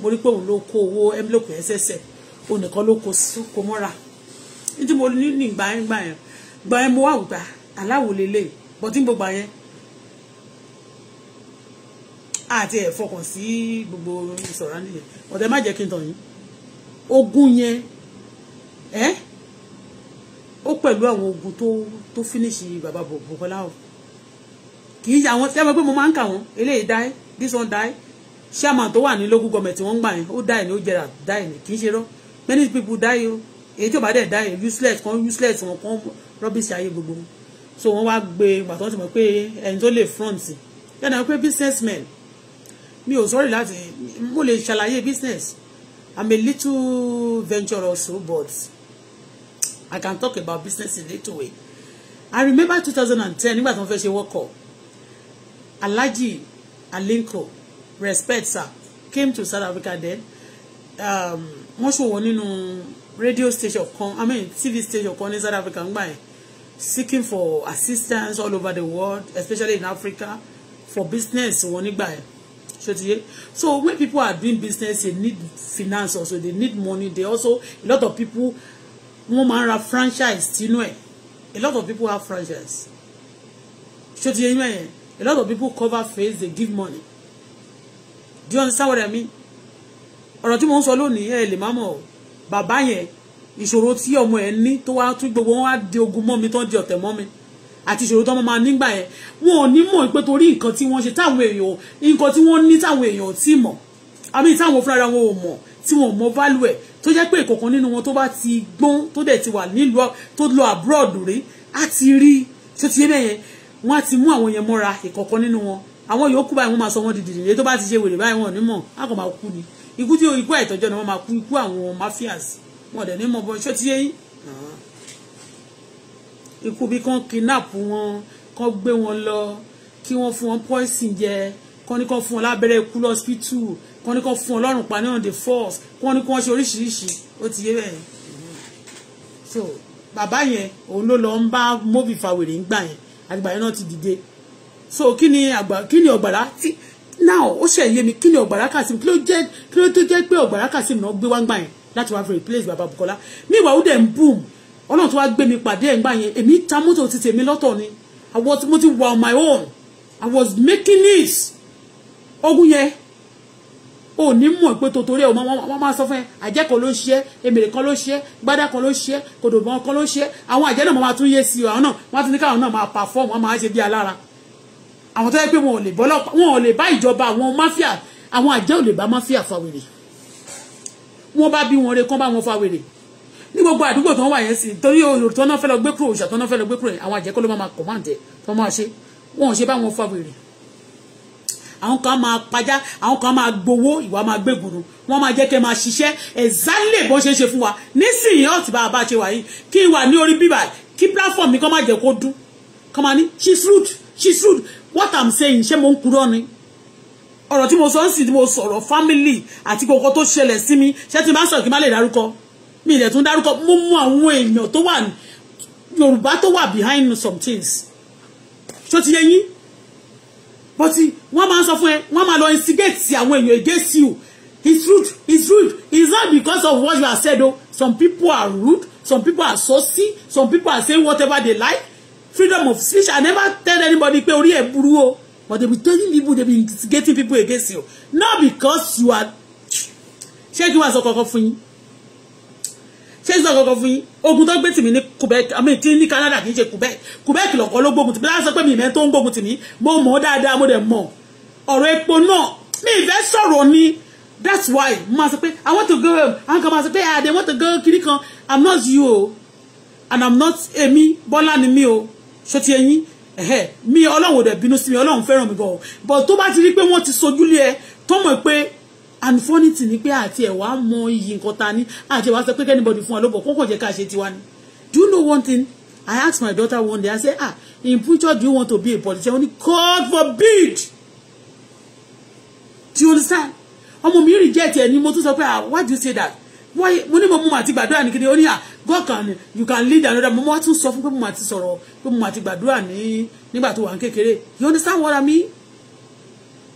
Speaker 2: mo rí pé òun ló kó owó envelope yẹn sẹ́sẹ̀ òun nìkan ló kó kó mọ́ra nítorí mo ní ní ìgbà yẹn gbà yẹn gbà yẹn mo wà gbà aláwo lélẹ̀ bọ́tí gbogbo yẹn àti ẹ̀ fọkàn sí gbogbo ìsọ̀rọ̀ nìyẹn ọ̀tẹ̀ má jẹ́ kí n tàn yín ogún yẹn ẹ́. Eh? ó pẹ̀lú àwọn ogun tó tó finish bàbá Bọ́lá o kì í àwọn ṣé ẹ mọ̀ pé mo máa ń kà wọ́n eléyìí die this one die chairman tó wà ní local government tí wọ́n ń gbà yẹn ó die ni ó jẹrà die ni kì í ṣe rọ many people die o èyí tí ò bá dẹ̀ die useless kan useless wọn kan rubbish ayé gbogbo wọn so wọ́n wá gbé gbàtọ́ ti mọ̀ pé ẹni tó lè front yàtọ̀ pé businessmen mi ò sọ́rí láti mo lè ṣàlàyé business i'm a little venture also but I can talk about business in little way I remember two thousand and ten nígbà tí wọ́n fẹ́ ṣe work up Alhaji Alinko respect sir came to South Africa then um, wọ́n ṣòwò nínú radio station kan I mean TV station kan ní South Africa ń yẹn seeking for assistance all over the world especially in Africa for business wọn nígbà yẹn ṣòtìyẹ so when people are doing business they need finance also they need money they also a lot of people wọ́n máa ń ra franchise tínú ẹ̀ a lot of people have franchise ṣó ti yẹ yín mẹ́yẹn a lot of people cover face they give money do you understand what I mean ọ̀rọ̀ tí mo ń sọ lónìí ẹ lè má mọ̀ o bàbá yẹn ìṣòro tí ọmọ ẹ ní tó wá tún gbogbo wọn wá di ogun mọ́ mi tó ń di ọ̀tẹ̀ mọ́ mi àti ìṣòro tó máa nígbà yẹn wọn ò ní mọ̀ pé torí nǹkan tí wọ́n ṣe táwọn èèyàn nǹkan tí wọ́n ní táwọn èèyàn ò tí mọ̀ àbí táwọn fúnra wọn ò mọ̀ tí wọn ò mọ̀ value ẹ̀ tó jẹ́ pé ìkọ̀kan nínú wọn tó bá ti gbọ́n tó dẹ̀ ti wà nílùú tó lọ abroad rí á ti rí tí ó ti yé bẹ́yẹn wọ́n á ti mú àwọn yẹn mọ́ra ìkọ̀kan nínú wọn àwọn yòókù báyìí wọ́n máa sọ wọ́n di dìdìdì tó bá ti ṣe wèrè báyìí wọ́n ní mọ̀ á kàn máa kú ni ikú tí ikú àìtọ́jọ́ ni wọ́n máa kú ikú àwọn mafias wọn dẹ̀ ní mọ̀ bọ́ ṣó ti yé yín ikú bí kán kidnap wọn kán gbé wọn lọ kí wọ́n fún wọn poison jẹ kán ní kán fún wọn lábẹ́rẹ́ ikú lọ́sípítù kọ́ ní kan fún ọlọ́run pa ní on the kọ́ ní kan ṣe oríṣiríṣi ó ti yé bẹ́ẹ̀ so bàbá yẹn òun ló lọ ń bá móbì fàwèrè ń gbà yẹn àgbà yẹn náà ti dìde so kí ni àgbà kí ni ọ̀gbàrá tí now ó ṣe yé mi kí ni ọ̀gbàrá Kasim kí ló jẹ́ kí ló tó jẹ́ pé ọ̀gbàrá Kasim náà gbé wá ń gbà yẹn láti wá fi replace bàbá Bukola meanwhile ó dẹ̀ ń boom ọlọ́run tó wá gbé mi pàdé ẹ̀ ń gbà yẹn èmi ta mọ́tò ti tèmi lọ́tọ̀ ni I was mo ti wà on my own I was making it ogun yẹn ò ní mọ̀ pé tòtòrí ẹ̀ wọ́n máa sọ fún ẹ àjẹ́ kan ló ṣe é èmèrè kan ló ṣe é gbádá kan ló ṣe é kòdòbọ̀n kan ló ṣe é àwọn àjẹ́ náà máa tún yé sí àwọn náà wọ́n ti ní káwọn náà máa pàfọ́ọ̀mù wọ́n máa ṣe bí alára àwọn tó yẹ pé wọn ò lè bọ́lọ́pàá wọn ò lè bá ìjọba àwọn máfíà àwọn àjẹ́ ò lè bá máfíà fa wèrè wọ́n bá bí wọn re kán bá wọn fa wèrè ní gbogbo àdúgbò tó ń wà yẹn sí torí òòrùn tó náà fẹ́ lọ gbé kúrò òòṣà tó náà fẹ́ lọ gbé kúrò àwọn àjẹ́ kó ló máa kọ̀ máa ń tẹ̀ tó máa ṣe wọn ò ṣe bá wọn fa àwọn kan máa pajá àwọn kan máa gbowó ìwà máa gbégbòrò wọ́n máa jẹ́ kí ẹ máa ṣiṣẹ́ ẹ̀zálè bó ṣe ṣe fún wa nísìnyí ọ̀tí bá a bá ṣe wà yìí kí n wà ní orí bíbà kí platform mi kọ́ máa jẹ́ kó dún kọ́ máa ní she's rude she's rude what i'm saying ṣé mo ń kúrọ́ ni ọ̀rọ̀ tí mo sọ ń sì tí mo sọ̀rọ̀ family àti kòkó tó ṣẹlẹ̀ sí mi ṣé tí n bá sọ̀rọ̀ kí n má lè dárúkọ mi ilẹ̀ tún dárúkọ mo mú àwọn èèyàn tó wà Yorùbá tó wà behind some things ṣó ti yẹ yín but wọ́n máa ń sọ fún ẹ wọ́n máa lọ instigate àwọn èèyàn against you it's rude it's rude it's not because of what you have said o some people are rude some people are saucy some people are saying whatever they like freedom of speech i never tell anybody pé orí ẹ burú o but they be telling people they be instigating people against you not because you are ṣé kí wọ́n sọ kankan fún yín ṣéṣe ọ̀gọ̀gọ̀ fún yín ogun tó gbé tìmí ní Quebec àmì tí ní Canada kì í ṣe Quebec Quebec lọ̀kọ́ ló gbógun tìmí láti sọ pé mi ìmẹ́ tó ń gbógun tìmí mo mọ̀ ọ́ dáadáa mo dẹ̀ mọ̀ ọ̀rọ̀ epo náà mi ìfẹ́ sọ̀rọ̀ ni that's why mo máa sọ pé I want to go àwọn kan máa sọ pé I ah, dey want to go kiri kan I'm not you o and I'm not èmi Bọ́lá ni mi o ṣé ti ẹyin ẹ̀hẹ́ mi Ọlọ́run ò dẹ̀ bínú sí mi Ọlọ́run fẹ́ràn mi bọ̀ but tó bá ti rí pé wọ́n ti sojú lé ẹ tó mọ̀ pé and funny thing ni pé àti ẹ̀ wá mọ iyì nǹkan ta ni àti ẹ̀ wá sọ pé anybody fún wa lóbọ̀ kókò jẹ́ ká ṣe tiwa ni do you know one thing I asked my daughter one day I say ah in future do you want to be a politician Only God forbid do you understand ọmọ mi reject ẹ ni mo tún sọ pé ah why do you say that why mo ní mo mú màtí gbàdúrà ní kéde ó ní à ah, God can you can lead another mo mọ́ tún sọ fún pé mo màtí sọ̀rọ̀ pé mo màtí gbàdúrà ní nígbà tó wà ní kékeré you understand what I mean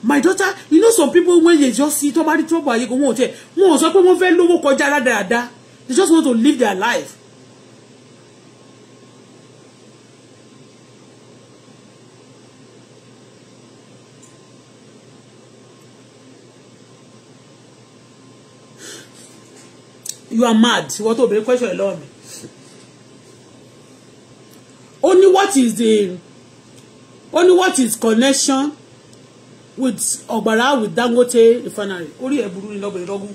Speaker 2: my daughter you know some people when they just see tó bá rí trouble ayé kò wọ́n ò tẹ̀ wọ́n ò sọ pé wọ́n fẹ́ lówó kọjá rádaràda they just want to live their life. you are mad ìwọ tó obìnrin question lọ́wọ́ mi ó what is the Only what is connection with ọ̀gbàrá with Dangote refinery orí ẹ̀ ni lọ́bẹ̀rẹ̀ lọ́gùn.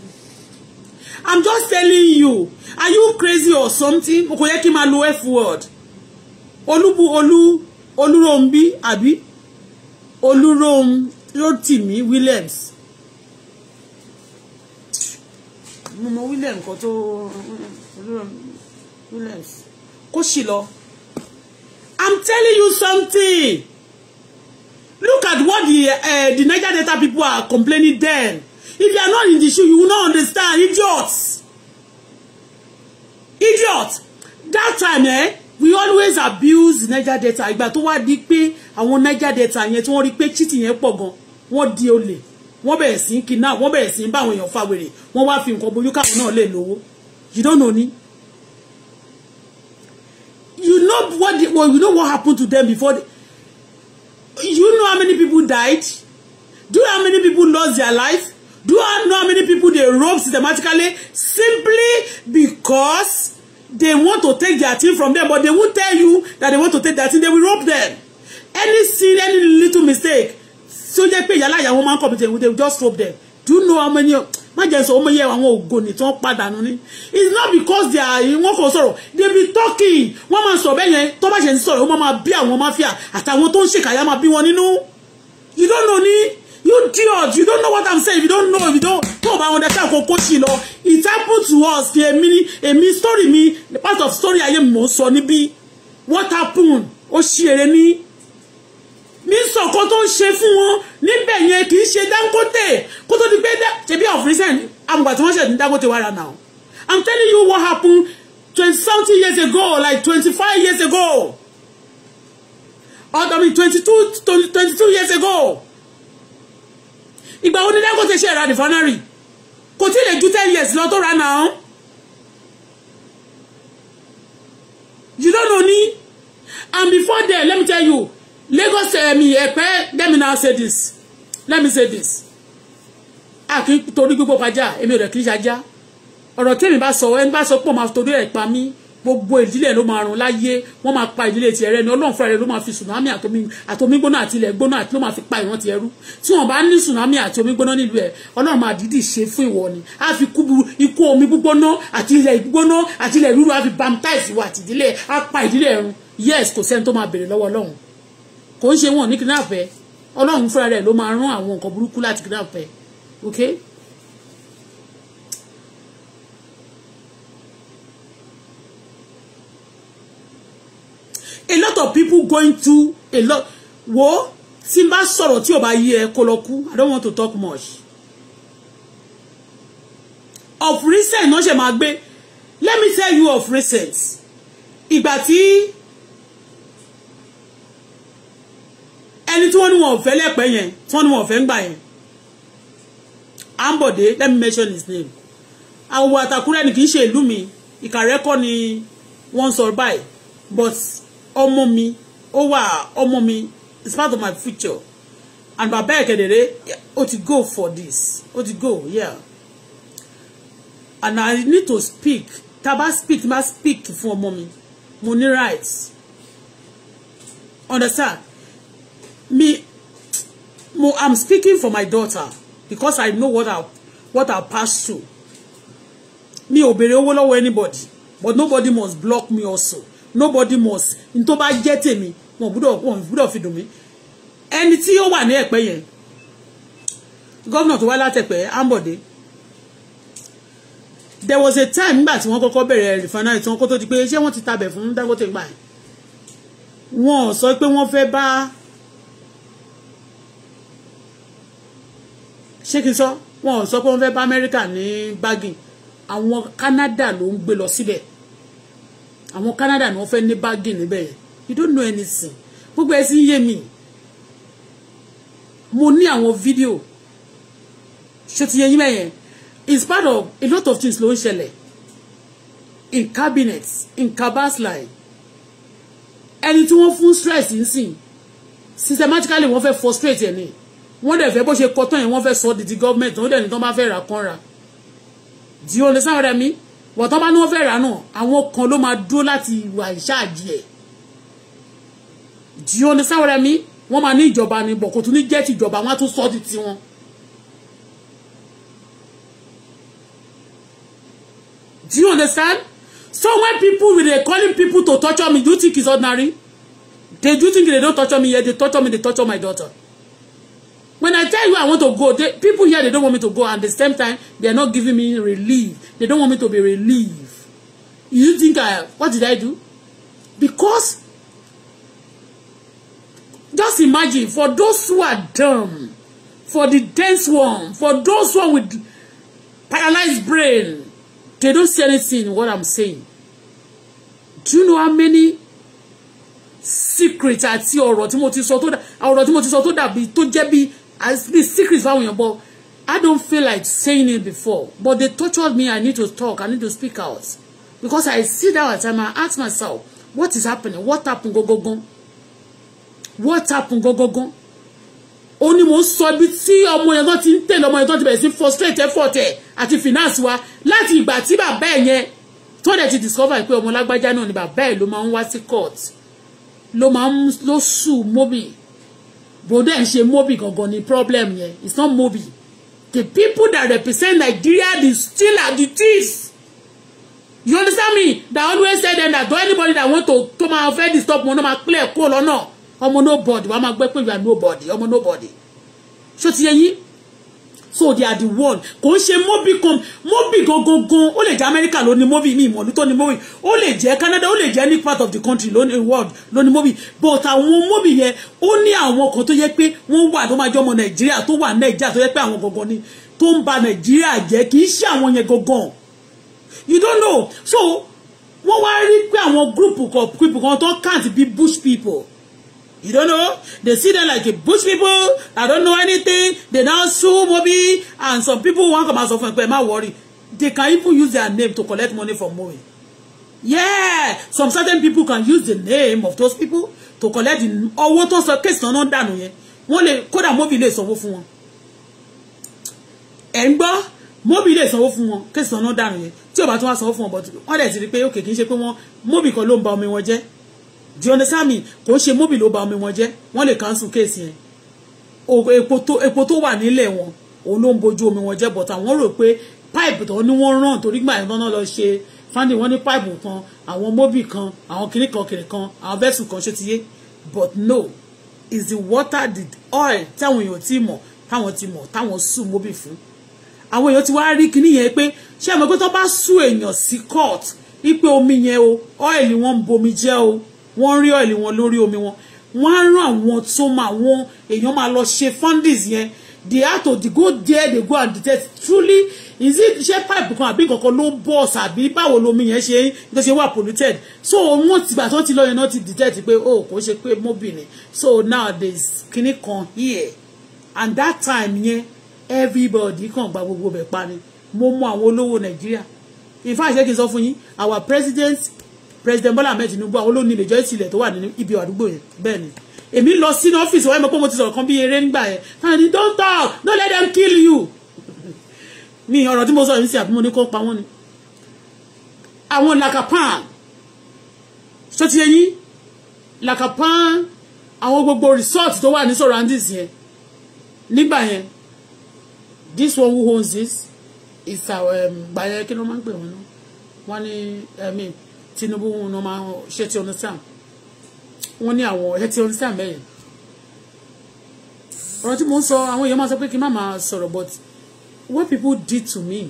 Speaker 2: I'm just telling you are you crazy or something o kò yẹ kí n máa lo f word olúbu olú olúròǹbí àbí olúròǹ rotimi Williams mo mọ William kan tó Williams kó sì lọ I'm telling you something. Look at what the uh, the Niger Delta people are complaining then. If you are not in the shoe, you will not understand. Idiots. Idiots. That time, eh, we always abuse Niger Delta. Ìgbà tó wá di pé àwọn Niger Delta yẹn tí wọ́n rí pé cheating yẹn pọ̀ gan, wọ́n di olè. Wọ́n bẹ̀rẹ̀ sí kidnap, wọ́n be sí bá àwọn èèyàn fa wèrè. Wọ́n wá fi nǹkan bojú káwọn náà lè lówó. You don't know ni. You know what the, well, you know what happened to them before they, you know how many people died? Do you know how many people lost their life? Do you know how many people they rob systematically simply because they want to take their thing from them, but they will tell you that they want to take their thing, they will rob them. Any sin, any little mistake, so they pay your life, your woman complain, they will just rob them. Do you know how many? Of má jẹ́ sọ ọmọ yẹ àwọn ògo ni tí wọ́n padà nù ní it's not because they are wọn kò sọ̀rọ̀ they be talking wọ́n máa sọ bẹ́ẹ̀ yẹn tó bá ṣe ń sọ̀rọ̀ wọ́n máa bí àwọn mafia àtàwọn tó ń ṣèkàyà máa bí wọn nínú you don't know ni you idiot you don't know what i'm saying you don't know you don't tó o bá understand kò kó sí lọ it happen to us ti èmi ni èmi story mi part of story ayé mi mò ń sọ níbí what happen ó ṣí eré ní mi sọ nǹkan tó ń ṣe fún wọn níbẹ̀ yẹn kì í ṣe Dangote kó tó di pé ṣebí of recent amùgbà tí wọ́n ṣẹ̀ ní Dangote wàrà náà I'm telling you what happened twenty something years ago like twenty five years ago ọ̀dọ̀ mi twenty two twenty two years ago ìgbà wo ni Dangote ṣe ra refinery kò tí ì lè ju ten years lọ tó ra náà you don't know ni and before there let me tell you Lagos I mean Epe let me now say this let me say this a kì í torí gbogbo pàjá èmi ò rẹ̀ kì í ṣajá ọ̀rọ̀ tèmi bá sọ ẹni bá sọ pé ó máa torí ẹ̀ pa mí gbogbo ìdílé ló máa run láyé wọ́n máa pa ìdílé tiẹ̀ rẹ ni ọlọ́run fúnra rẹ ló máa fi tsunami àtomi gbóná àti ilẹ̀ gbóná àti ló máa fi pa ìran tiẹ̀ rú tí wọ́n bá ní tsunami àti omi gbóná nílùú ẹ̀ ọlọ́run máa dídì ṣe fún ìwọ ni a fi kú ikú omi gbígbóná àti ilẹ̀ gbígbóná àti ilẹ̀ rúru a fi bamtaisi wa àti ìdílé a pa ìdílé run yes kò sẹ́ni tó máa béèrè lọ́wọ́ ọlọ́run kò ń ṣe wọn ní kidnap ẹ fúnra rẹ̀ ló máa rán àwọn nǹkan burúkú láti kidnap ok. a lot of people going to a lot wo tí n bá sọ̀rọ̀ tí o bá yí ẹ kó lọ kú i don't want to talk much of recent náà ṣe máa gbé let me tell you of recent ìgbà tí ẹni tí wọ́n ní wọn ò fẹ́ lẹ́pẹ́ yẹn tí wọ́n ní wọn ò fẹ́ ń gbà yẹn Ambode let me mention his name àwọn àtàkùrẹ́ ni kì í ṣe ìlú mi ìkàrẹ́kọ́ ni wọ́n sọ báyìí but ọmọ mi ó wà ọmọ mi it's part of my future and bàbá ẹ̀ kedere ó ti go for this ó ti go yeah and I need to speak tá a speak tí a speak fún ọmọ mi mo ní right understand me mo I'm speaking for my daughter because I know what I what I pass through Me ò béèrè owó anybody but nobody must block me also nobody must n tó bá jẹ́ tèmi wọn gbúdọ̀ wọn gbúdọ̀ fi dùn mí ẹni tí ó wà ní ẹ̀pẹ́ yẹn gómìnà tó wá látẹ̀pẹ́ Ambode there was a time nígbà tí wọ́n kọ́kọ́ bẹ̀rẹ̀ refinery tí wọ́n kó tó di pé ṣé wọ́n ti tabẹ̀ fún Dangote gbà yẹn so sọ pé wọ́n fẹ́ ṣé kí n sọ wọn ò sọ pé wọ́n fẹ́ bá Amẹ́ríkà ní bagging àwọn Canada ló ń gbé lọ síbẹ̀ àwọn Canada ni wọ́n fẹ́ ní bagging níbẹ̀ yẹn you don't know anything gbogbo ẹ sì ń yé mi mo ní àwọn fídíò ṣé ti yẹ yín mẹ́yẹn it's part of a lot of things ló ń ṣẹlẹ̀ in cabinet in kabasline ẹni tí wọ́n fún stress ń sìn systematically wọ́n fẹ́ frustrate ẹ̀ nìyí wọ́n dẹ̀ fẹ́ bó ṣe kọtán yẹn wọ́n fẹ́ sọ didi gọ́ọ̀mẹ̀ntì wọ́n dẹ̀ ní tán bá fẹ́ rà kan rà do you understand what wọ́n tán bá ní wọ́n fẹ́ rà náà àwọn kan ló máa dúró láti wà ìṣáàjì ẹ̀ do you understand what wọ́n máa ní ìjọba ni bọ̀ kò tún ní jẹ́ ti ìjọba wọ́n á tún sọ di tiwọn. do you understand so when people dey calling people to torture me do you think it's ordinary they do think they don torture me yet they torture me they torture my daughter. When I tell you I want to go, they, people here, they don't want me to go. At the same time, they are not giving me relief. They don't want me to be relieved. You think I, what did I do? Because, just imagine, for those who are dumb, for the dense one, for those one with paralyzed brain, they don't see anything what I'm saying. Do you know how many secrets I see or mo ti sọ tó dà ọ̀rọ̀ tí be ti sọ tó as the secret is èèyàn but I don't feel like saying it before but they tortured me I need to talk I need to speak out because I see that time I ask myself what is happening what happened? Go go go. What happened? Go go go. sọ ibi tí ọmọ yẹn tán ti ń tẹ̀lé ọmọ yẹn tán ti bẹ̀rẹ̀ sí frustrate effort ẹ̀ àti finance wa láti ìgbà tí bàbá ẹ̀ yẹn tó dẹ̀ ti discover pé ọmọ lágbájá náà ni bàbá ẹ̀ ló máa ń wá sí court ló máa ń lọ sùn broda ẹ̀ she ṣe Mobi gangan ni problem Yeah, it's not Mobi the people that represent Nigeria the still are the thieves you understand me that always say them that do anybody that want to to ma fẹ́ disturb wọn my clear kó lọ́nà ọmọ nobody wàá ma gbẹ́ pé you are nobody ọmọ nobody So see yẹ so they are the one kò ń ṣe mobi kan mobi gangan ó lè jẹ́ America ló ní mobi mi ìmọ̀lú to ní mobi ó lè jẹ́ Canada ó lè jẹ́ any part of the country ló ní world ló ní mobi but àwọn mobi yẹn ó ní àwọn kan tó yẹ pé wọ́n wà tó máa jẹ́ ọmọ Nàìjíríà tó wà Nàìjíríà tó yẹ pé àwọn gangan ni tó ń ba Nàìjíríà jẹ́ kì í ṣe àwọn yẹn gangan you don't know so wọ́n wá rí pé àwọn group kan group kan tó kàǹtì bí bush people You don't know? They see them like a bush people. I don't know anything. They now sue Mobi. And some people want to come out of it, but not worry. They can even use their name to collect money from Mobi. Yeah, some certain people can use the name of those people to collect the owó tó sọ kéèsì náà dànù yẹn wọ́n lè kódà Mobi lè sanwó fún wọn. Ẹ̀ ń gbọ́ Mobi lè sanwó fún wọn kéèsì náà dànù yẹn tí ò bá tún wá sanwó fún wọn bọ̀ wọ́n dẹ̀ ti rí i pé òkè kì Mobi kan ló do you understand me kò ń ṣe móbì ló ba omi wọn jẹ́ wọ́n lè cancel case yẹn epo tó wà nílẹ̀ wọn òun ló ń bojú omi wọn jẹ́ but àwọn rò pé pipe tó ní wọ́n ràn torí gbà yẹn lọ́nà lọ ṣe funding wọ́n ní pipe kan àwọn móbì kan àwọn kìnnì kan kìnnì kan àwọn vessel kan ṣe ti yé but no is the water the oil táwọn èèyàn ti mọ̀ táwọn ti mọ̀ táwọn sùn móbì fún àwọn èèyàn ti wá rí kinní yẹn pé ṣé ẹ mọ̀ pé tó bá sùn èèyàn sí court wípé omi yẹn o ọ́ìlì wọn ń bomi jẹ́ o wọ́n rí ọ̀ìlì wọn lórí omi wọn wọ́n á rán àwọn tó máa wọn èèyàn máa lọ ṣe fundis yẹn they had to they go there they go and detect truly is it ṣé pipe kan àbí kankan ló bọ́ sàbí báwo lomi yẹn ṣe ń tó ṣe wà polluted so wọ́n ti gbà tó ti lọ yẹn náà ti detect pé o oh, kò ṣe pé mobile so now there is kinní kan here and that time yẹn everybody kàn gba gbogbo bẹ̀ pa ni mo mọ àwọn olówó nàìjíríà in fact ṣé kí n sọ fún yín our president president Bọ́lá Ahmed Tinubu àwọn olóòní ìlẹjọ ìtìlẹ tó wà ní ibi àdúgbò yẹn bẹ́ẹ̀ ni èmi lọ sínú ọ́fíìsì wọn ẹ mọ̀ pé mo ti sọ̀rọ̀ kan bí eré nígbà yẹn tani don't talk no let them kill you mi ọ̀rọ̀ tí mo sọ yìí sí àbí mo ní kó pa wọ́n ni àwọn lakapan tó ti yẹn lakapan àwọn gbogbo resort tó wà ní surroundings yẹn nígbà yẹn this one who owns this is our gbàyẹ um, kí ló máa ń pè wọn náà wọn ní i mean Tinubu wọn máa ṣe ti understand wọn ní àwọn ẹ ti understand bẹ́ẹ̀ ọ̀rọ̀ tí mo ń sọ àwọn èèyàn máa sọ pé kí n má máa sọ̀rọ̀ but what people did to me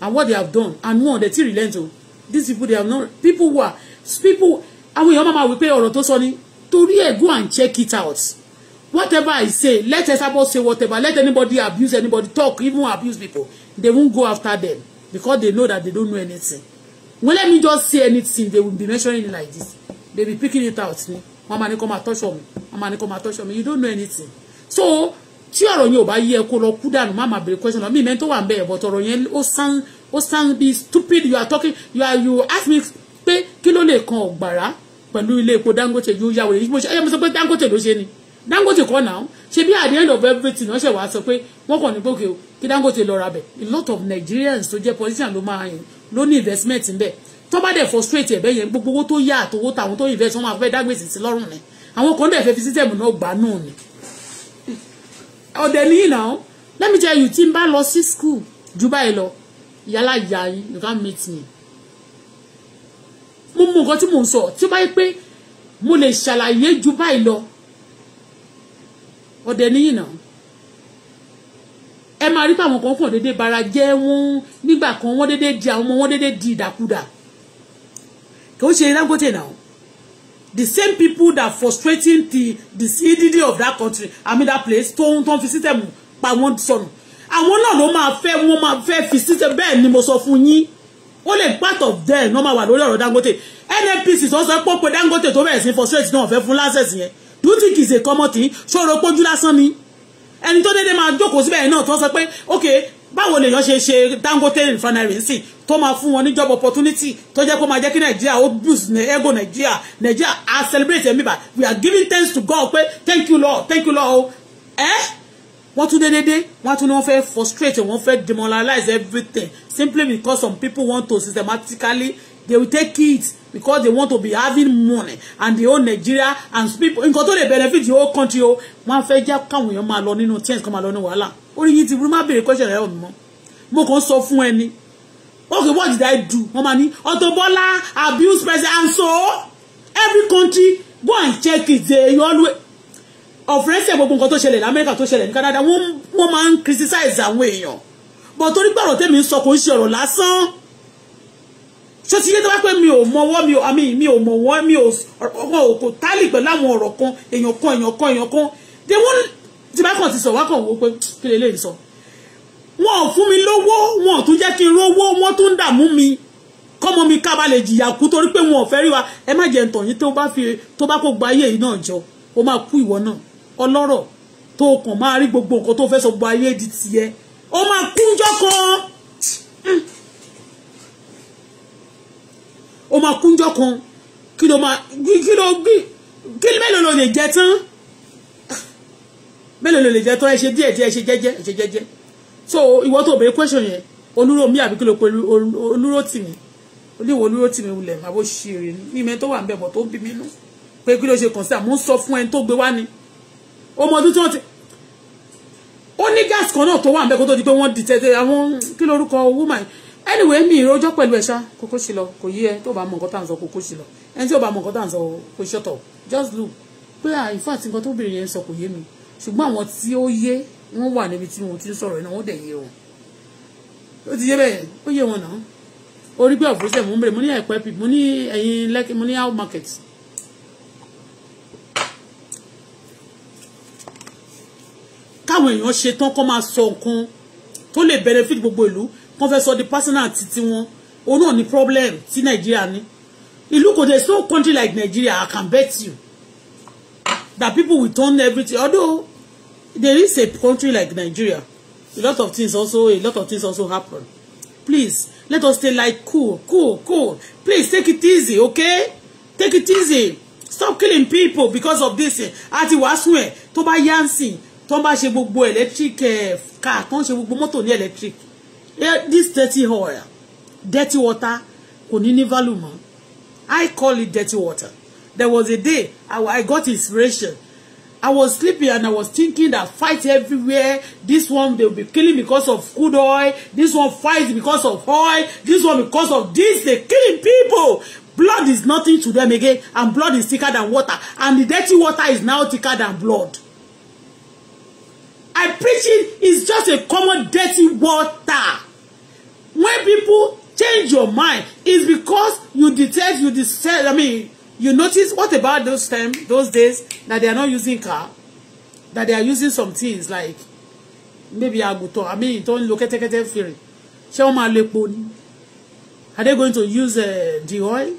Speaker 2: and what they have done and more they ti relent o these people they have not people who are people àwọn èèyàn máa máa wí pé ọ̀rọ̀ tó sọ ni torí ẹ̀ go and check it out whatever I say let Esabod say whatever let anybody abuse anybody talk even abuse people they won't go after them because they know that they don't know anything. Well, let me just say anything. They will be mentioning it like this. They be picking it out. Wọ́n máa ní kó máa tọ́ṣọ̀ mi. Wọ́n máa come and touch on me. You don't know anything. So, tí ọ̀rọ̀ yẹn ò bá yẹ kó lọ kú dànù, má máa question lọ. Mi mẹ́tò to ń bẹ̀rẹ̀ but ọ̀rọ̀ yẹn ó sound ó sound be stupid. You are talking, you are you ask me pé kí ló lè kan ọ̀gbàrá pẹ̀lú ilé epo Dangote yóò yá wèrè. Ẹyẹ mi sọ pé Dangote ló ṣe ni. Dangote kọ́ now. She be at the end of everything wọ́n ṣẹ̀ wá sọ pé wọ́n kàn ní gbòkè o kí Dangote lọ rabẹ̀. A lot of Nigerians to jẹ́ politician ló máa yẹn ló ní investment ńbẹ̀ tó bá dẹ̀ frustrate ẹ̀bẹ̀ yẹn gbogbo owó tó yá àtowó tàwọn tó invest wọn máa fẹ́ dágbèsì sí lọ́rùn ni àwọn kan dẹ̀ fẹ́ fi system náà gbà nù ni ọ̀dẹ̀ níyì náà let me tell you tí n bá lọ sí school ju báyìí lọ yálà ìyá yín you can meet me mo mọ nǹkan tí mò ń sọ tí ó bá yẹ pé mo lè ṣàlàyé ju báyìí lọ ọ̀dẹ̀ níyì náà ẹ máa rí pé kan kàn déédéé bara jẹ́ wọ́n nígbà kan wọ́n déédéé di àwọn ọmọ wọ́n déédéé di ìdàkudà kò ṣe Dangote náà the same people that frustrating the the cdd of that country i that place tó ń tó ń fi system pa wọ́n sọnù àwọn náà ló máa fẹ́ wọ́n máa fẹ́ fi system bẹ́ẹ̀ ni mo sọ fún yín ó lè part of them ló máa wà lórí ọ̀rọ̀ Dangote nnpc tó sọ pé Dangote tó bẹ̀rẹ̀ sí frustrate náà fẹ́ fún license yẹn do you think he is a common thing ṣòro pójú lásán ni ẹni tó dédé máa jókòó síbẹ̀ náà tó sọ pé ok báwo lèèyàn ṣe ṣe Dangote refinery ń sìn tó máa fún wọn ní job opportunity tó jẹ́ kó máa jẹ́ kí nàìjíríà ó boost ego nàìjíríà nàìjíríà a celebrate ẹ̀mí bá we are giving thanks to God pé thank you Lord thank you Lord o ẹ́ wọ́n tún dédédé wọ́n tún ní wọ́n fẹ́ frustrate wọ́n fẹ́ demoralize everything simply because some people want to systematically they will take it because they want to be having money and the whole Nigeria and people In tó lè benefit the whole country o wọ́n fẹ́ jẹ́ káwọn èèyàn máa lọ nínú tents kan máa lọ ní wàhálà orí yìí ti burú má béèrè question rẹ̀ mọ́ mo kàn sọ fún ẹni okay what did I do wọ́n máa ní Auto Bola abuse president and so every country go and check it they always ọ̀fẹ́sẹ̀ gbogbo nǹkan tó ṣẹlẹ̀ lamẹ́ríkà tó ṣẹlẹ̀ ní Canada wọ́n máa ń criticize àwọn èèyàn but torí pé ọ̀rọ̀ tèmi ń sọ kò ń ṣe ọ̀rọ̀ lásán ṣé ti yé tó wá pé mi ò mọwọ́ mi ò àmì mi ò mọwọ́ mi ò ọkọ̀ òkò tálì pẹ̀lú àwọn ọ̀rọ̀ kan èèyàn kan èèyàn kan èèyàn kan de wọ́n ti bá kàn ti sọ wá kàn wó pé kí lélẹ́yìn sọ wọn ò fún mi lówó wọn ò tún jẹ́ kí n rówó wọ́n tún dààmú mi kọ́mọ mi ká ba lè jìyà kú torí pé wọn ò fẹ́ rí wa ẹ má jẹ́ ntọ̀yìn tó bá fi tó bá kó gba ayé yìí náà jọ ó máa kú ìwọ náà ọlọ́rọ̀ tó kàn máa rí gbogbo nǹkan tó fẹ́ sọ gbogbo ayé di tiẹ̀ ó máa kú jọ́ kan o máa kúnjọ́ kan kí ló máa kí ló gbé kí mélòó ló lè jẹ tán mélòó ló lè jẹ tán ẹ ṣe díẹ̀ díẹ̀ ẹ ṣe jẹ́jẹ́ ẹ ṣe jẹ́jẹ́ so ìwọ tó bẹ̀rẹ̀ question yẹn olúró mi àbí kí ló pe olúró tì mí oníwò olúró tì mí wulẹ̀ màá bó ṣe rè ní mi tó wà ń bẹ̀ bọ̀ tó bí mi nú pé kí ló ṣe kàn sí àmú sọ fún ẹni tó gbé wá ni ọmọ ọdún tí wọ́n ti ó ní gas kan náà tó wà ń bẹ̀ kó tó di pé wọ́n dìtẹ́ àwọn kí lórúkọ woman anyway mi ìrojọ́ pẹ̀lú ẹ̀ṣá kókó sí lọ kò yí ẹ tó bá mọ nǹkan tá à ń sọ kókó sí lọ ẹni tí ó bá mọ nǹkan tá à ń sọ kò ṣọ́tọ̀ just look pé ah, in fact nǹkan tó bèrè yẹn sọ kò yé mi ṣùgbọ́n àwọn tí ó yé wọ́n wà níbi tí wọ́n ti ń sọ̀rọ̀ náà wọ́n dẹ̀ yé wọn ó ti yé bẹ́ẹ̀ ó yé wọn náà orí gbé ọ̀fọ̀sẹ̀ mo ń bèrè mo ní ẹ̀pẹ́ pì mo ní ẹ̀yìn lẹ́kì mo ní how market. káwọn èèyàn ṣe kó máa sọ nǹkan tó lè benefit gbogbo ìlú kan fẹ́ sọ di personal titi wọn òun náà ni problem tí Nigeria. ní ìlú kò dé so country like nigeria i can bet you that people will turn everything although there is a country like nigeria a lot of things also a lot of things also happen please let us stay like cool cool cool please take it easy okay take it easy stop killing people because of this àti wàásù ẹ tó bá yánsìn tó bá ṣe gbogbo electric eh, car tó ń ṣe gbogbo mọ́tò ní electric Eh, this dirty oil dirty water konini valuma. I call it dirty water there was a day I, I got inspiration I was sleeping and I was thinking that fight everywhere. This one they'll be killing because of crude oil. This one fights because of oil. This one because of this. They're killing people. Blood is nothing to them again. And blood is thicker than water. And the dirty water is now thicker than blood. I preach it. It's just a common dirty water when people change your mind it's because you detect you detect I mean you notice what about those time those days that they are not using car that they are using some things like maybe aguto. I mean tó ń lo kẹ́tẹ́kẹ́tẹ́ fèrè ṣé wọ́n máa lo epo ni are they going to use uh, the oil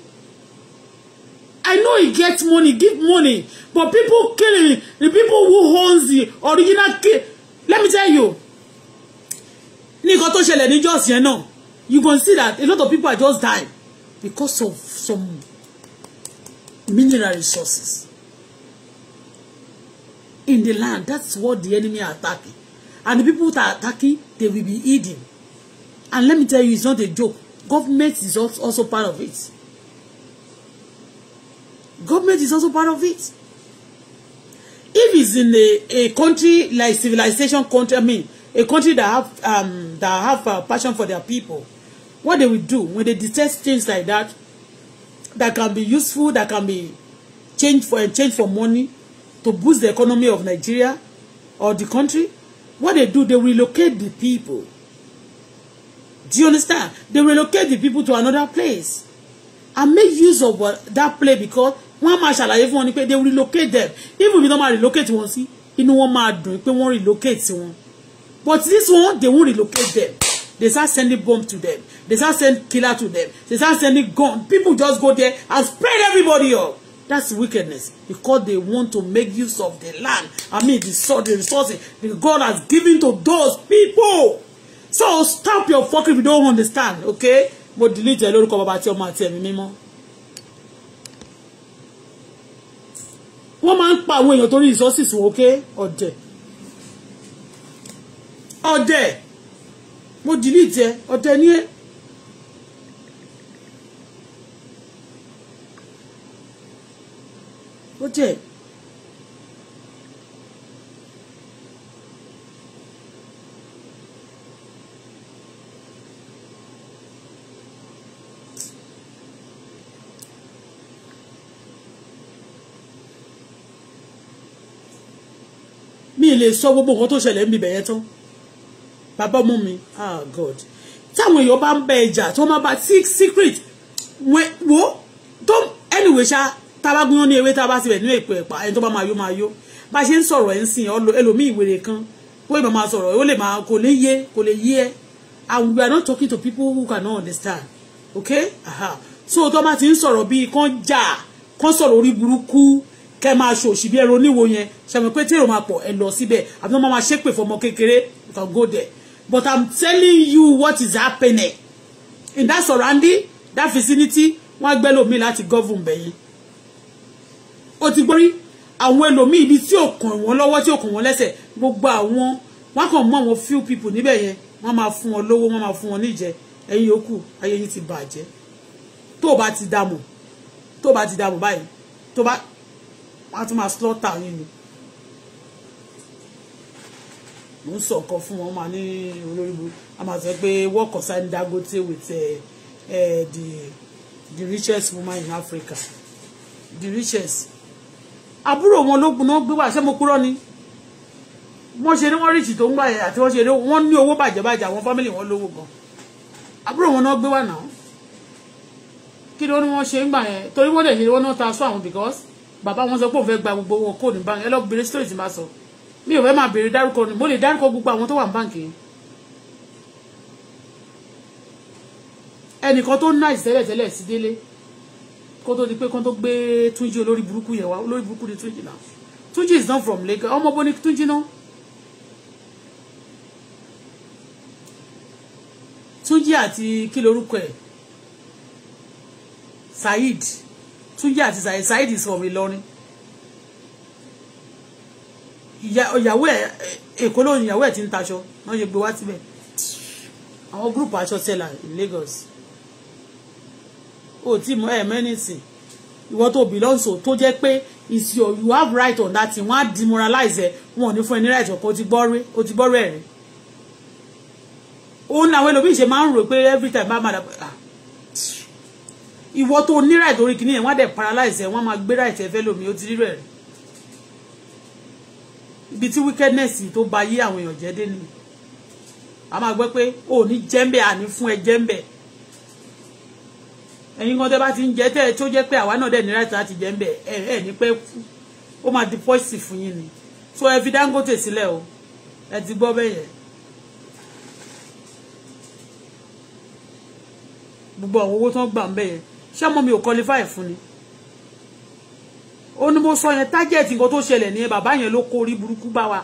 Speaker 2: I know he gets money give money but people killing the people who owns the original let me tell you ní nǹkan tó ṣẹlẹ̀ ní jọ́ọ̀sì yẹn náà you go see that a lot of people are just dying because of some mineral resources in the land that's what the enemy are attacking and the people that are attacking they will be eating and let me tell you it's not a joke government is also part of it government is also part of it if it's in a, a country like civilization country I mean a country that have um that have a uh, passion for their people what they will do when they detect things like that that can be useful that can be changed for and exchange for money to boost the economy of Nigeria or the country what they do they relocate the people do you understand they relocate the people to another place and make use of what, that place because one man shall fún wọn ni they relocate them even if wọ́n máa relocate wọn sí inú wọn máa dùn pé wọ́n relocate one. but this one they won't relocate them they start sending bomb to them They start sending killer to them. They start sending gun. People just go there and spread everybody up. That's wickedness because they want to make use of the land. I mean, the, the resources that God has given to those people. So stop your fucking We don't understand, okay? But delete your little bàbá àti ọmọ àti ẹ̀mí mímọ́. Wọ́n man ń pa àwọn èèyàn torí resources or there? Or there? But delete it. Or ni ẹ́. jẹ́ mi lè sọ gbogbo nǹkan tó ṣẹlẹ̀ ń bibẹ̀ yẹn tán bàbá ọmọ mi ah god táwọn èèyàn bá ń bẹ ìjà tó máa bá secret wo tó anyway ṣá tá a bá gúnyán ní ewé tá a bá sì bẹ̀ nínú èpè ẹ̀pà ẹni tó bá máa yó máa yó bá kan ó lè máa sọ̀rọ̀ ó lè máa kò lè yé kò lè yé ẹ and we are not talking to people who cannot understand okay aha so tó bá ti ń sọ̀rọ̀ bíi kán jà kán sọ̀rọ̀ orí burúkú kẹ́ máa ṣòṣì bí ẹ̀rọ oníwo yẹn ṣàmì pé tèrò máa pọ̀ ẹ lọ síbẹ̀ àbí wọ́n máa ṣépè fọmọ kékeré you can go there but i'm telling you what is happening in that surrounding that vicinity wọ́n á gbẹ́ lómi láti govern bẹ̀yẹn ó ti gbórí àwọn ẹlòmíì ibi tí ò kàn wọ́n lọ́wọ́ tí ò kàn wọ́n lẹ́sẹ̀ gbogbo àwọn wọn kàn mú àwọn few people níbẹ̀ yẹn wọ́n máa fún wọn lówó wọ́n máa fún wọn níjẹ ẹ̀yin yòókù ayé yín ti bàjẹ́ tó o bá ti dààmú tó o bá ti dààmú báyìí tó o bá wọn á tún máa slaughter yín ni mo ń sọ nǹkan fún wọn máa ní olórí a máa sọ pé work concern Dangote with uh, uh, the the richest woman in Africa the richest àbúrò wọn ló gbóná gbé wá ṣé mo kúrò ni wọ́n ṣe ní wọ́n rìchì tó ń gbà àti wọ́n ṣe ní wọ́n ní owó bàjẹ́ bàjẹ́ àwọn fámìlì wọn lówó gan àbúrò wọn náà gbé wá náà kí ni wọ́n ní wọ́n ṣe ń gbà yẹn torí wọ́n dẹ̀ ṣe wọ́n náà ta aṣọ àwọn because bàbá wọn sọ pé òun fẹ́ gba gbogbo wọn kó ní báńkì ẹ lọ bèrè story ti máa sọ mi ò fẹ́ máa bèrè dárúkọ ni mo lè dárúkọ gbogbo àwọn tó wà ní báńkì ẹnìkan tó ń ná ìsẹ́lẹ̀tẹ́lẹ̀ sí délé kó tó di pé kó tó gbé túnjí olórí burúkú yẹn wá olórí burúkú ni túnjí náà túnjí is not from Lagos ọmọ bó ni túnjí náà túnjí àti kí lorúkọ ẹ Saheed túnjí àti Saheed Saheed is from Ìlọrin ìyàwó ẹ èkó lóyún ìyàwó ẹ ti ń taṣọ wọn yẹ gbé wá síbẹ̀ àwọn gúrùpù aṣọ sẹlà in Lagos o ti mọ ẹ̀ mẹ́nìsìn ìwọ tó belong so tó jẹ́ pé is your you have right on that wọ́n á demoralize ẹ̀ wọ́n ò ní fún ẹ ní right ọ̀kan o ti gbọ́ rí o ti gbọ́ rí ẹ̀rí òun làwọn ẹlòmíì ṣe máa ń rò pé every time máa máa dà ah. ìwọ tó ní right orí kìíní ẹ̀ wọ́n á dẹ̀ paralyze ẹ̀ wọ́n á máa gbé right ẹ̀ fẹ́ lómi ó ti rírò ẹ̀rí ibi tí wickedness tó ba yé àwọn èèyàn jẹ́ dé ni a máa gbọ́ pé o ò ní jẹ́ńbẹ̀ àní fún ẹ jẹ́ńbẹ̀ ẹ̀yin kan tẹ́ bá ti ń jẹ tẹ́ tó jẹ́ pé àwa náà dẹ̀ ní láti láti jẹ́ ń bẹ̀ ẹ̀ ẹ̀ ní pẹ́ kú ó máa di pọ́ìsì fún yín ni so ẹ fi Dangote sílẹ̀ o ẹ ti gbọ́ bẹ́ẹ̀ yẹn. gbogbo àwọn owó tó ń gbà ń bẹ̀ yẹn ṣé ọmọ mi ò qualify fún ni ó ní mo sọ yẹn tájẹ̀tì nǹkan tó ṣẹlẹ̀ ní bàbá yẹn ló kó burúkú bá wa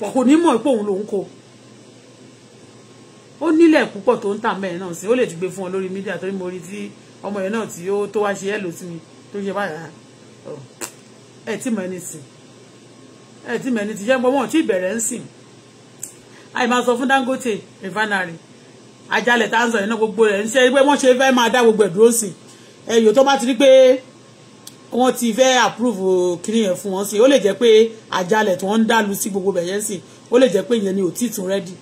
Speaker 2: pọ̀ kò ní mọ̀ pé òun lòún kó ó nílẹ̀ púpọ̀ tó ń tà mẹ́rin náà sí ó lè ti gbé fún ọ lórí mídíà torí mo rí tí ọmọ yẹn náà tí ó tó wá ṣe ẹ́ lò sí mi tó ṣe báyà ah, oh, ẹ̀ tí mọ̀ ẹni sìn ẹ̀ tí mọ̀ ẹni ti jẹ́ pé wọ́n ti bẹ̀rẹ̀ ń sìn àì máa sọ fún Dangote refinery ajalẹ̀ tanzania náà gbogbo rẹ̀ ń ṣe pé wọ́n ṣe fẹ́ máa dá gbogbo ẹ̀ dúró sí ẹ̀yọ́ tó bá ti rí pé wọ́n ti fẹ́ àpúrúfù kiri yẹn fún wọn sí ó lè jẹ́ pé àjálẹ̀ tí wọ́n ń dàlú sí gbogbo bẹ̀yẹn sí ó lè jẹ́ pé ìyẹn ni ò tí tún rẹ́dì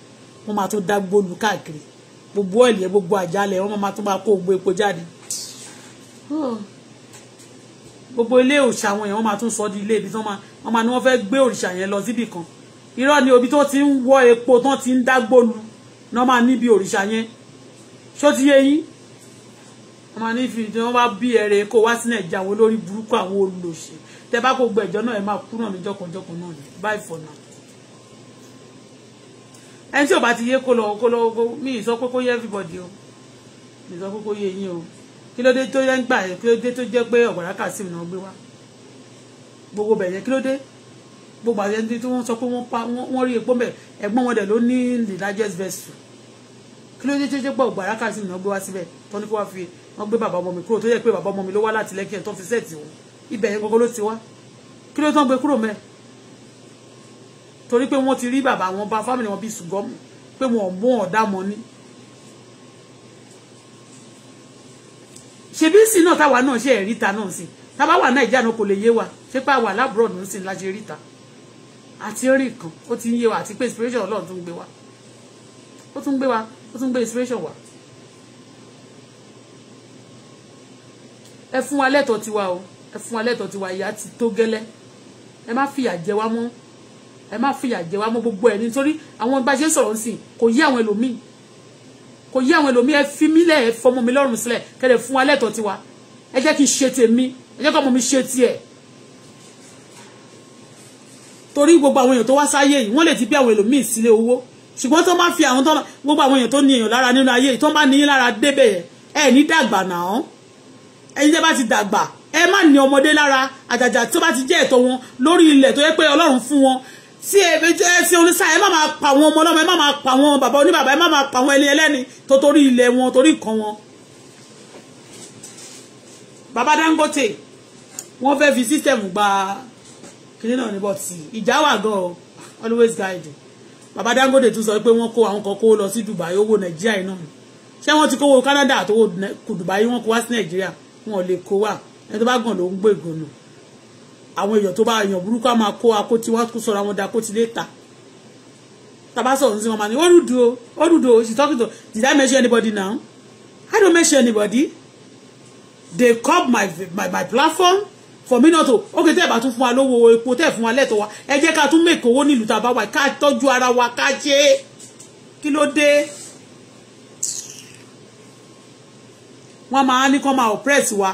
Speaker 2: wọ́n máa tún dá gbólu káàkiri gbogbo ẹ̀lẹ́ gbogbo àjálẹ̀ wọ́n máa tún máa kó gbogbo epo jáde gbogbo ilé òòṣà wọn yẹn wọ́n máa tún sọ di ilé ibi tí wọ́n máa ní wọ́n fẹ́ gbé òrìṣà yẹn lọ síbì kan irọ́ ni obi tó ti ń wọ epo tán ti ń dágbólu náà máa níbi òrìṣà yẹn ṣó ti yé yín wọ́n máa ní fi tí wọ́n bá bí ẹ̀rẹ̀ kó wá sí nàìjíríà wọn lórí burúkú àwọn olùlòṣè tẹ bá kó gbọ́ ẹjọ́ náà ẹ máa kú náà ní jọkànjọkàn náà ní báyìí for now ẹni tí ò bá ti yé kó lọ kó lọ mi ì sọ pé kó yé everybody o mi ì sọ pé kó yé yín o kí ló dé tó yẹ ń gbà yẹn kí ló dé tó jẹ́ pé ọ̀gbàrá Kazeem náà gbé wá gbogbo bẹ̀ yẹn kí ló dé gbogbo àti ẹni tí wọ́n sọ pé wọ́n pa wọ́n rí epo mẹ́ ẹ̀gbọ́n wọn dẹ̀ ló ní the largest vessel kí ló dé tó jẹ́ pé ọ̀gbàrá Kazeem náà gbé wá síbẹ̀ tó ní kó wá fi wọ́n gbé bàbá ọmọ mi kúrò tó yẹ pé bàbá ọmọ mi ló wá láti lẹ́kẹ̀ẹ́ tó fi sẹ́ẹ̀tì wọn ibẹ̀ yẹn gbogbo ló ti wá kí ló tán gbé kúrò mẹ́ torí pé wọ́n ti rí bàbá wọn bá fámìlì wọn bíi ṣùgọ́mù pé wọn ò mú ọ̀dá mọ́ ní ṣebí sí náà táwa náà ṣe ẹ̀ríta náà sí tábà wà nàìjíríà náà kò lè yé wa ṣé pé àwa lábúrò náà sì ń láṣẹ ríta àti orí kan ó ti ń yé wa àti pé inspiration ọlọ́run tó ń gbé wa ó tún gbé wa ó tún gbé inspiration wa. ẹ fún wa lẹ́tọ̀ tiwa o ẹ fún wa lẹ́tọ̀ tiwa ìyá ti tó gẹ́lẹ́ ẹ má fìyà jẹ wá mọ́ ẹ má fìyà jẹ wá mọ́ gbogbo ẹ̀ nítorí àwọn bá ṣe sọ̀rọ̀ sí kò yé àwọn ẹlòmíì kò yí àwọn ẹlòmíì ẹ fi mí lẹ̀ ẹ fọmọ mi lọ́rùn sílẹ̀ kẹlẹ̀ fún wa lẹ́tọ̀ọ́ tiwa ẹ jẹ́ kí n ṣe tèmi ẹ jẹ́ kí ọmọ mi ṣe tiẹ̀ torí gbogbo àwọn èèyàn tó wá sáyé yìí wọ́n lè ti bí àwọn ẹlòmíì sílé owó ṣùgbọ́n tó máa fi àwọn tó gbogbo àwọn èèyàn tó ní èèyàn lára nínú ayé yìí tó máa ní lára débẹ̀ yẹn ẹ ní dàgbà náà ẹ̀yin tẹ́ ti dàgbà ẹ má ní ọmọdé lára àjàjà tó bá ti jẹ́ ẹ̀tọ́ wọn lórí ilẹ̀ tó yẹ pé Ọlọ́run fún wọn sí ẹbí jẹ́ sí oníṣà ẹ má máa pa àwọn ọmọ ọlọ́mọ ẹ má máa pa àwọn bàbá oníbàbá ẹ má máa pa àwọn ẹni ẹlẹ́ni tó torí ilẹ̀ wọn torí nǹkan wọn. bàbá Dangote wọ́n fẹ́ fi system gba kiri náà ní bọ́ọ̀tì ìjà wà gan-an always guide bàbá Dangote tún sọ pé wọ́n kó àwọn kan kó lọ sí Dubai owó Nàìjíríà iná ṣé wọ́n ti kówó Canada àtòwò Dubai wọ́n kó wá sí Nàìjíríà wọn ò lè kó wà ẹni tó bá gàn ló ń gbé ìgò àwọn èèyàn tó bá èèyàn burúkú á máa kó akóti wá kó sọ̀rọ̀ àwọn ọ̀dà akóti léta tàbá sọ̀rọ̀ ní sí wọn máa ní ó rúdu o ó rúdu o she talking to did I mention anybody now I don't mention anybody they cut my my my platform for me not to okay tẹ́ ẹ̀ bá tún fún wa lówó epo tẹ́ ẹ̀ fún wa lẹ́tọ̀ wa ẹ jẹ́ ká tún mèkó owó nílùú tàbá wa ká tọ́jú ara wa ká jẹ́ kí ló dé wọ́n máa ní kó máa oppress wa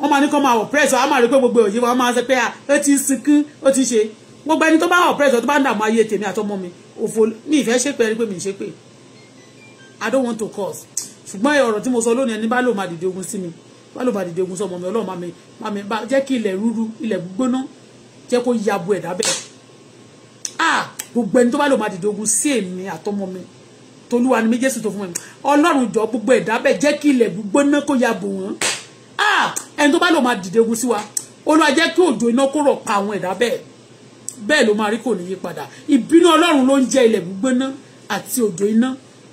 Speaker 2: wọ́n máa ní kó máa oppress wa máa rí pé gbogbo òyìnbó wọ́n máa sọ pé ah, ó ti sinkín ó ti ṣe gbogbo ẹni tó bá oppress tó bá ń dààmú ayé tèmi àtọmọ mi òfò mi ìfẹ́ ṣépè rí pé mi ṣépè I don't want to cause ṣùgbọ́n ọ̀rọ̀ tí mo sọ lónìí ẹni bá lò máa dìde ogun sí mi bá lò máa dìde ogun sọmọ mi ọlọ́run máa mi máa mi jẹ́ kí ilẹ̀ rúru ilẹ̀ gbóná jẹ́ kó ya bo ẹ̀dá bẹ́ẹ̀ ah gbogbo ẹni tó bá lò máa dìde ogun sí èmi àtọmọ mi tolúwa ni mi jésù tó fún mi ọlọ́run jọ gbogbo ẹ̀dá bẹ́ẹ̀ jẹ́ kí ẹni tó bá lò máa dìdegun sí wa olúwa jẹ́ kí òjò iná kó rọ̀ pa àwọn ẹ̀dá bẹ́ẹ̀ bẹ́ẹ̀ ló máa rí kò ní yí padà ìbínú ọlọ́run ló ń jẹ ilẹ̀ gbígbóná àti òjò iná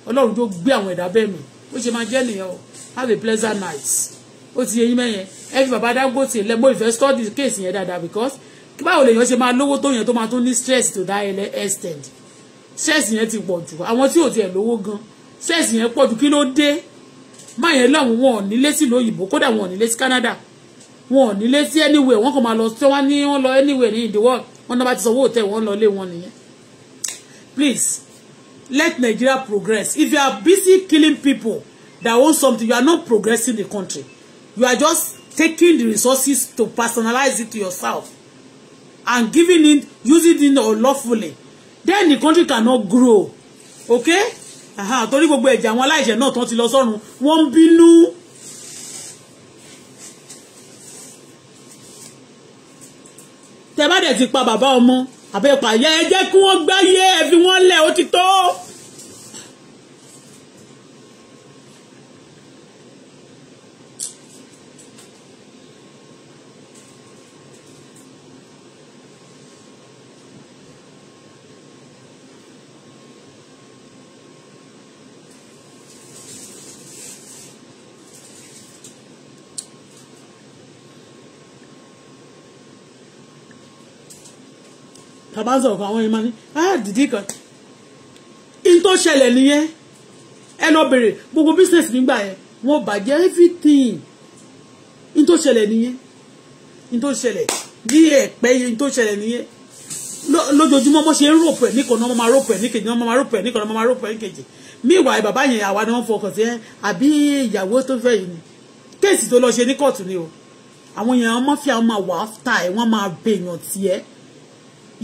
Speaker 2: ọlọ́run tó gbé àwọn ẹ̀dá bẹ́ẹ̀ mì ó ṣe máa jẹ́ nìyẹn o have a pleasant night ó ti yẹ yín mẹ́yẹn ẹ fi bàbá Dangote lẹ́gbọ́n ìfẹ́ study case yẹn dáadáa because kí báwo lèèyàn ṣe máa lówó tó yẹn tó máa tún ní stress to that extent stress yẹn ti pọ̀ jù àwọn tí ò tiẹ̀ lówó gan stress yẹn pọ̀ jù kí ló dé má yẹn lọ́hùn wọn ò nílé sí lóyìnbó kódà wọn ò nílé sí Canada wọn ò nílé sí anywhere wọn kò máa lọ sí wọn ní wọn lọ anywhere ní the world wọn náà bá ti sanwó hotel wọn lọ lé wọn nìyẹn please let Nigeria progress if you are busy killing people that want something you are not progressing the country you are just taking the resources to personalize it to yourself and giving it using it unlawfully then the country cannot grow okay torí gbogbo ẹ̀jẹ̀ àwọn aláìṣẹ̀ náà tán ti lọ sọ́run wọ́n ń bínú. tẹ bá dẹ̀ ti pa bàbá ọmọ àbẹ̀pà yẹ ẹ jẹ́ kí wọ́n gbáyé ẹ fi wọ́n lẹ̀ ó ti tó. bá ń sọ̀rọ̀ kan àwọn èèyàn máa ní ah dìdí kan in tó ṣẹlẹ̀ nìyẹn ẹ lọ bèrè gbogbo business nígbà yẹn wọ́n bàjẹ́ everything in tó ṣẹlẹ̀ nìyẹn in tó ṣẹlẹ̀ ní ẹ̀pẹ́ in tó ṣẹlẹ̀ nìyẹn lójoojúmọ́ bó ṣe ń rò pẹ̀ níkan náà máa rò pẹ̀ níkejì náà máa rò pẹ̀ níkan náà máa rò pẹ̀ níkejì meanwhile bàbá yẹn àwa ni wọ́n fọkàn sí ẹ àbí ìyàwó tó fẹ́ yìí ni kéèsì tó lọ ṣe ní kóòtù ni o àwọn èèyàn máa fi àwọn máa wà áfítà ẹ wọ́n máa bèèyàn tiẹ̀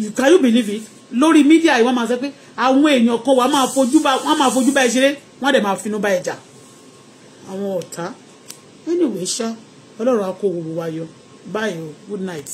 Speaker 2: you can you believe it lórí media, ìwọ́n máa sọ pé àwọn èèyàn kan wà máa fojú bá wọ́n máa fojú bá ẹ ṣeré wọ́n dẹ̀ máa finú bá ẹ jà àwọn ọ̀tá anyway ṣá ọlọ́run á kó gbogbo wa yọ bye o good night.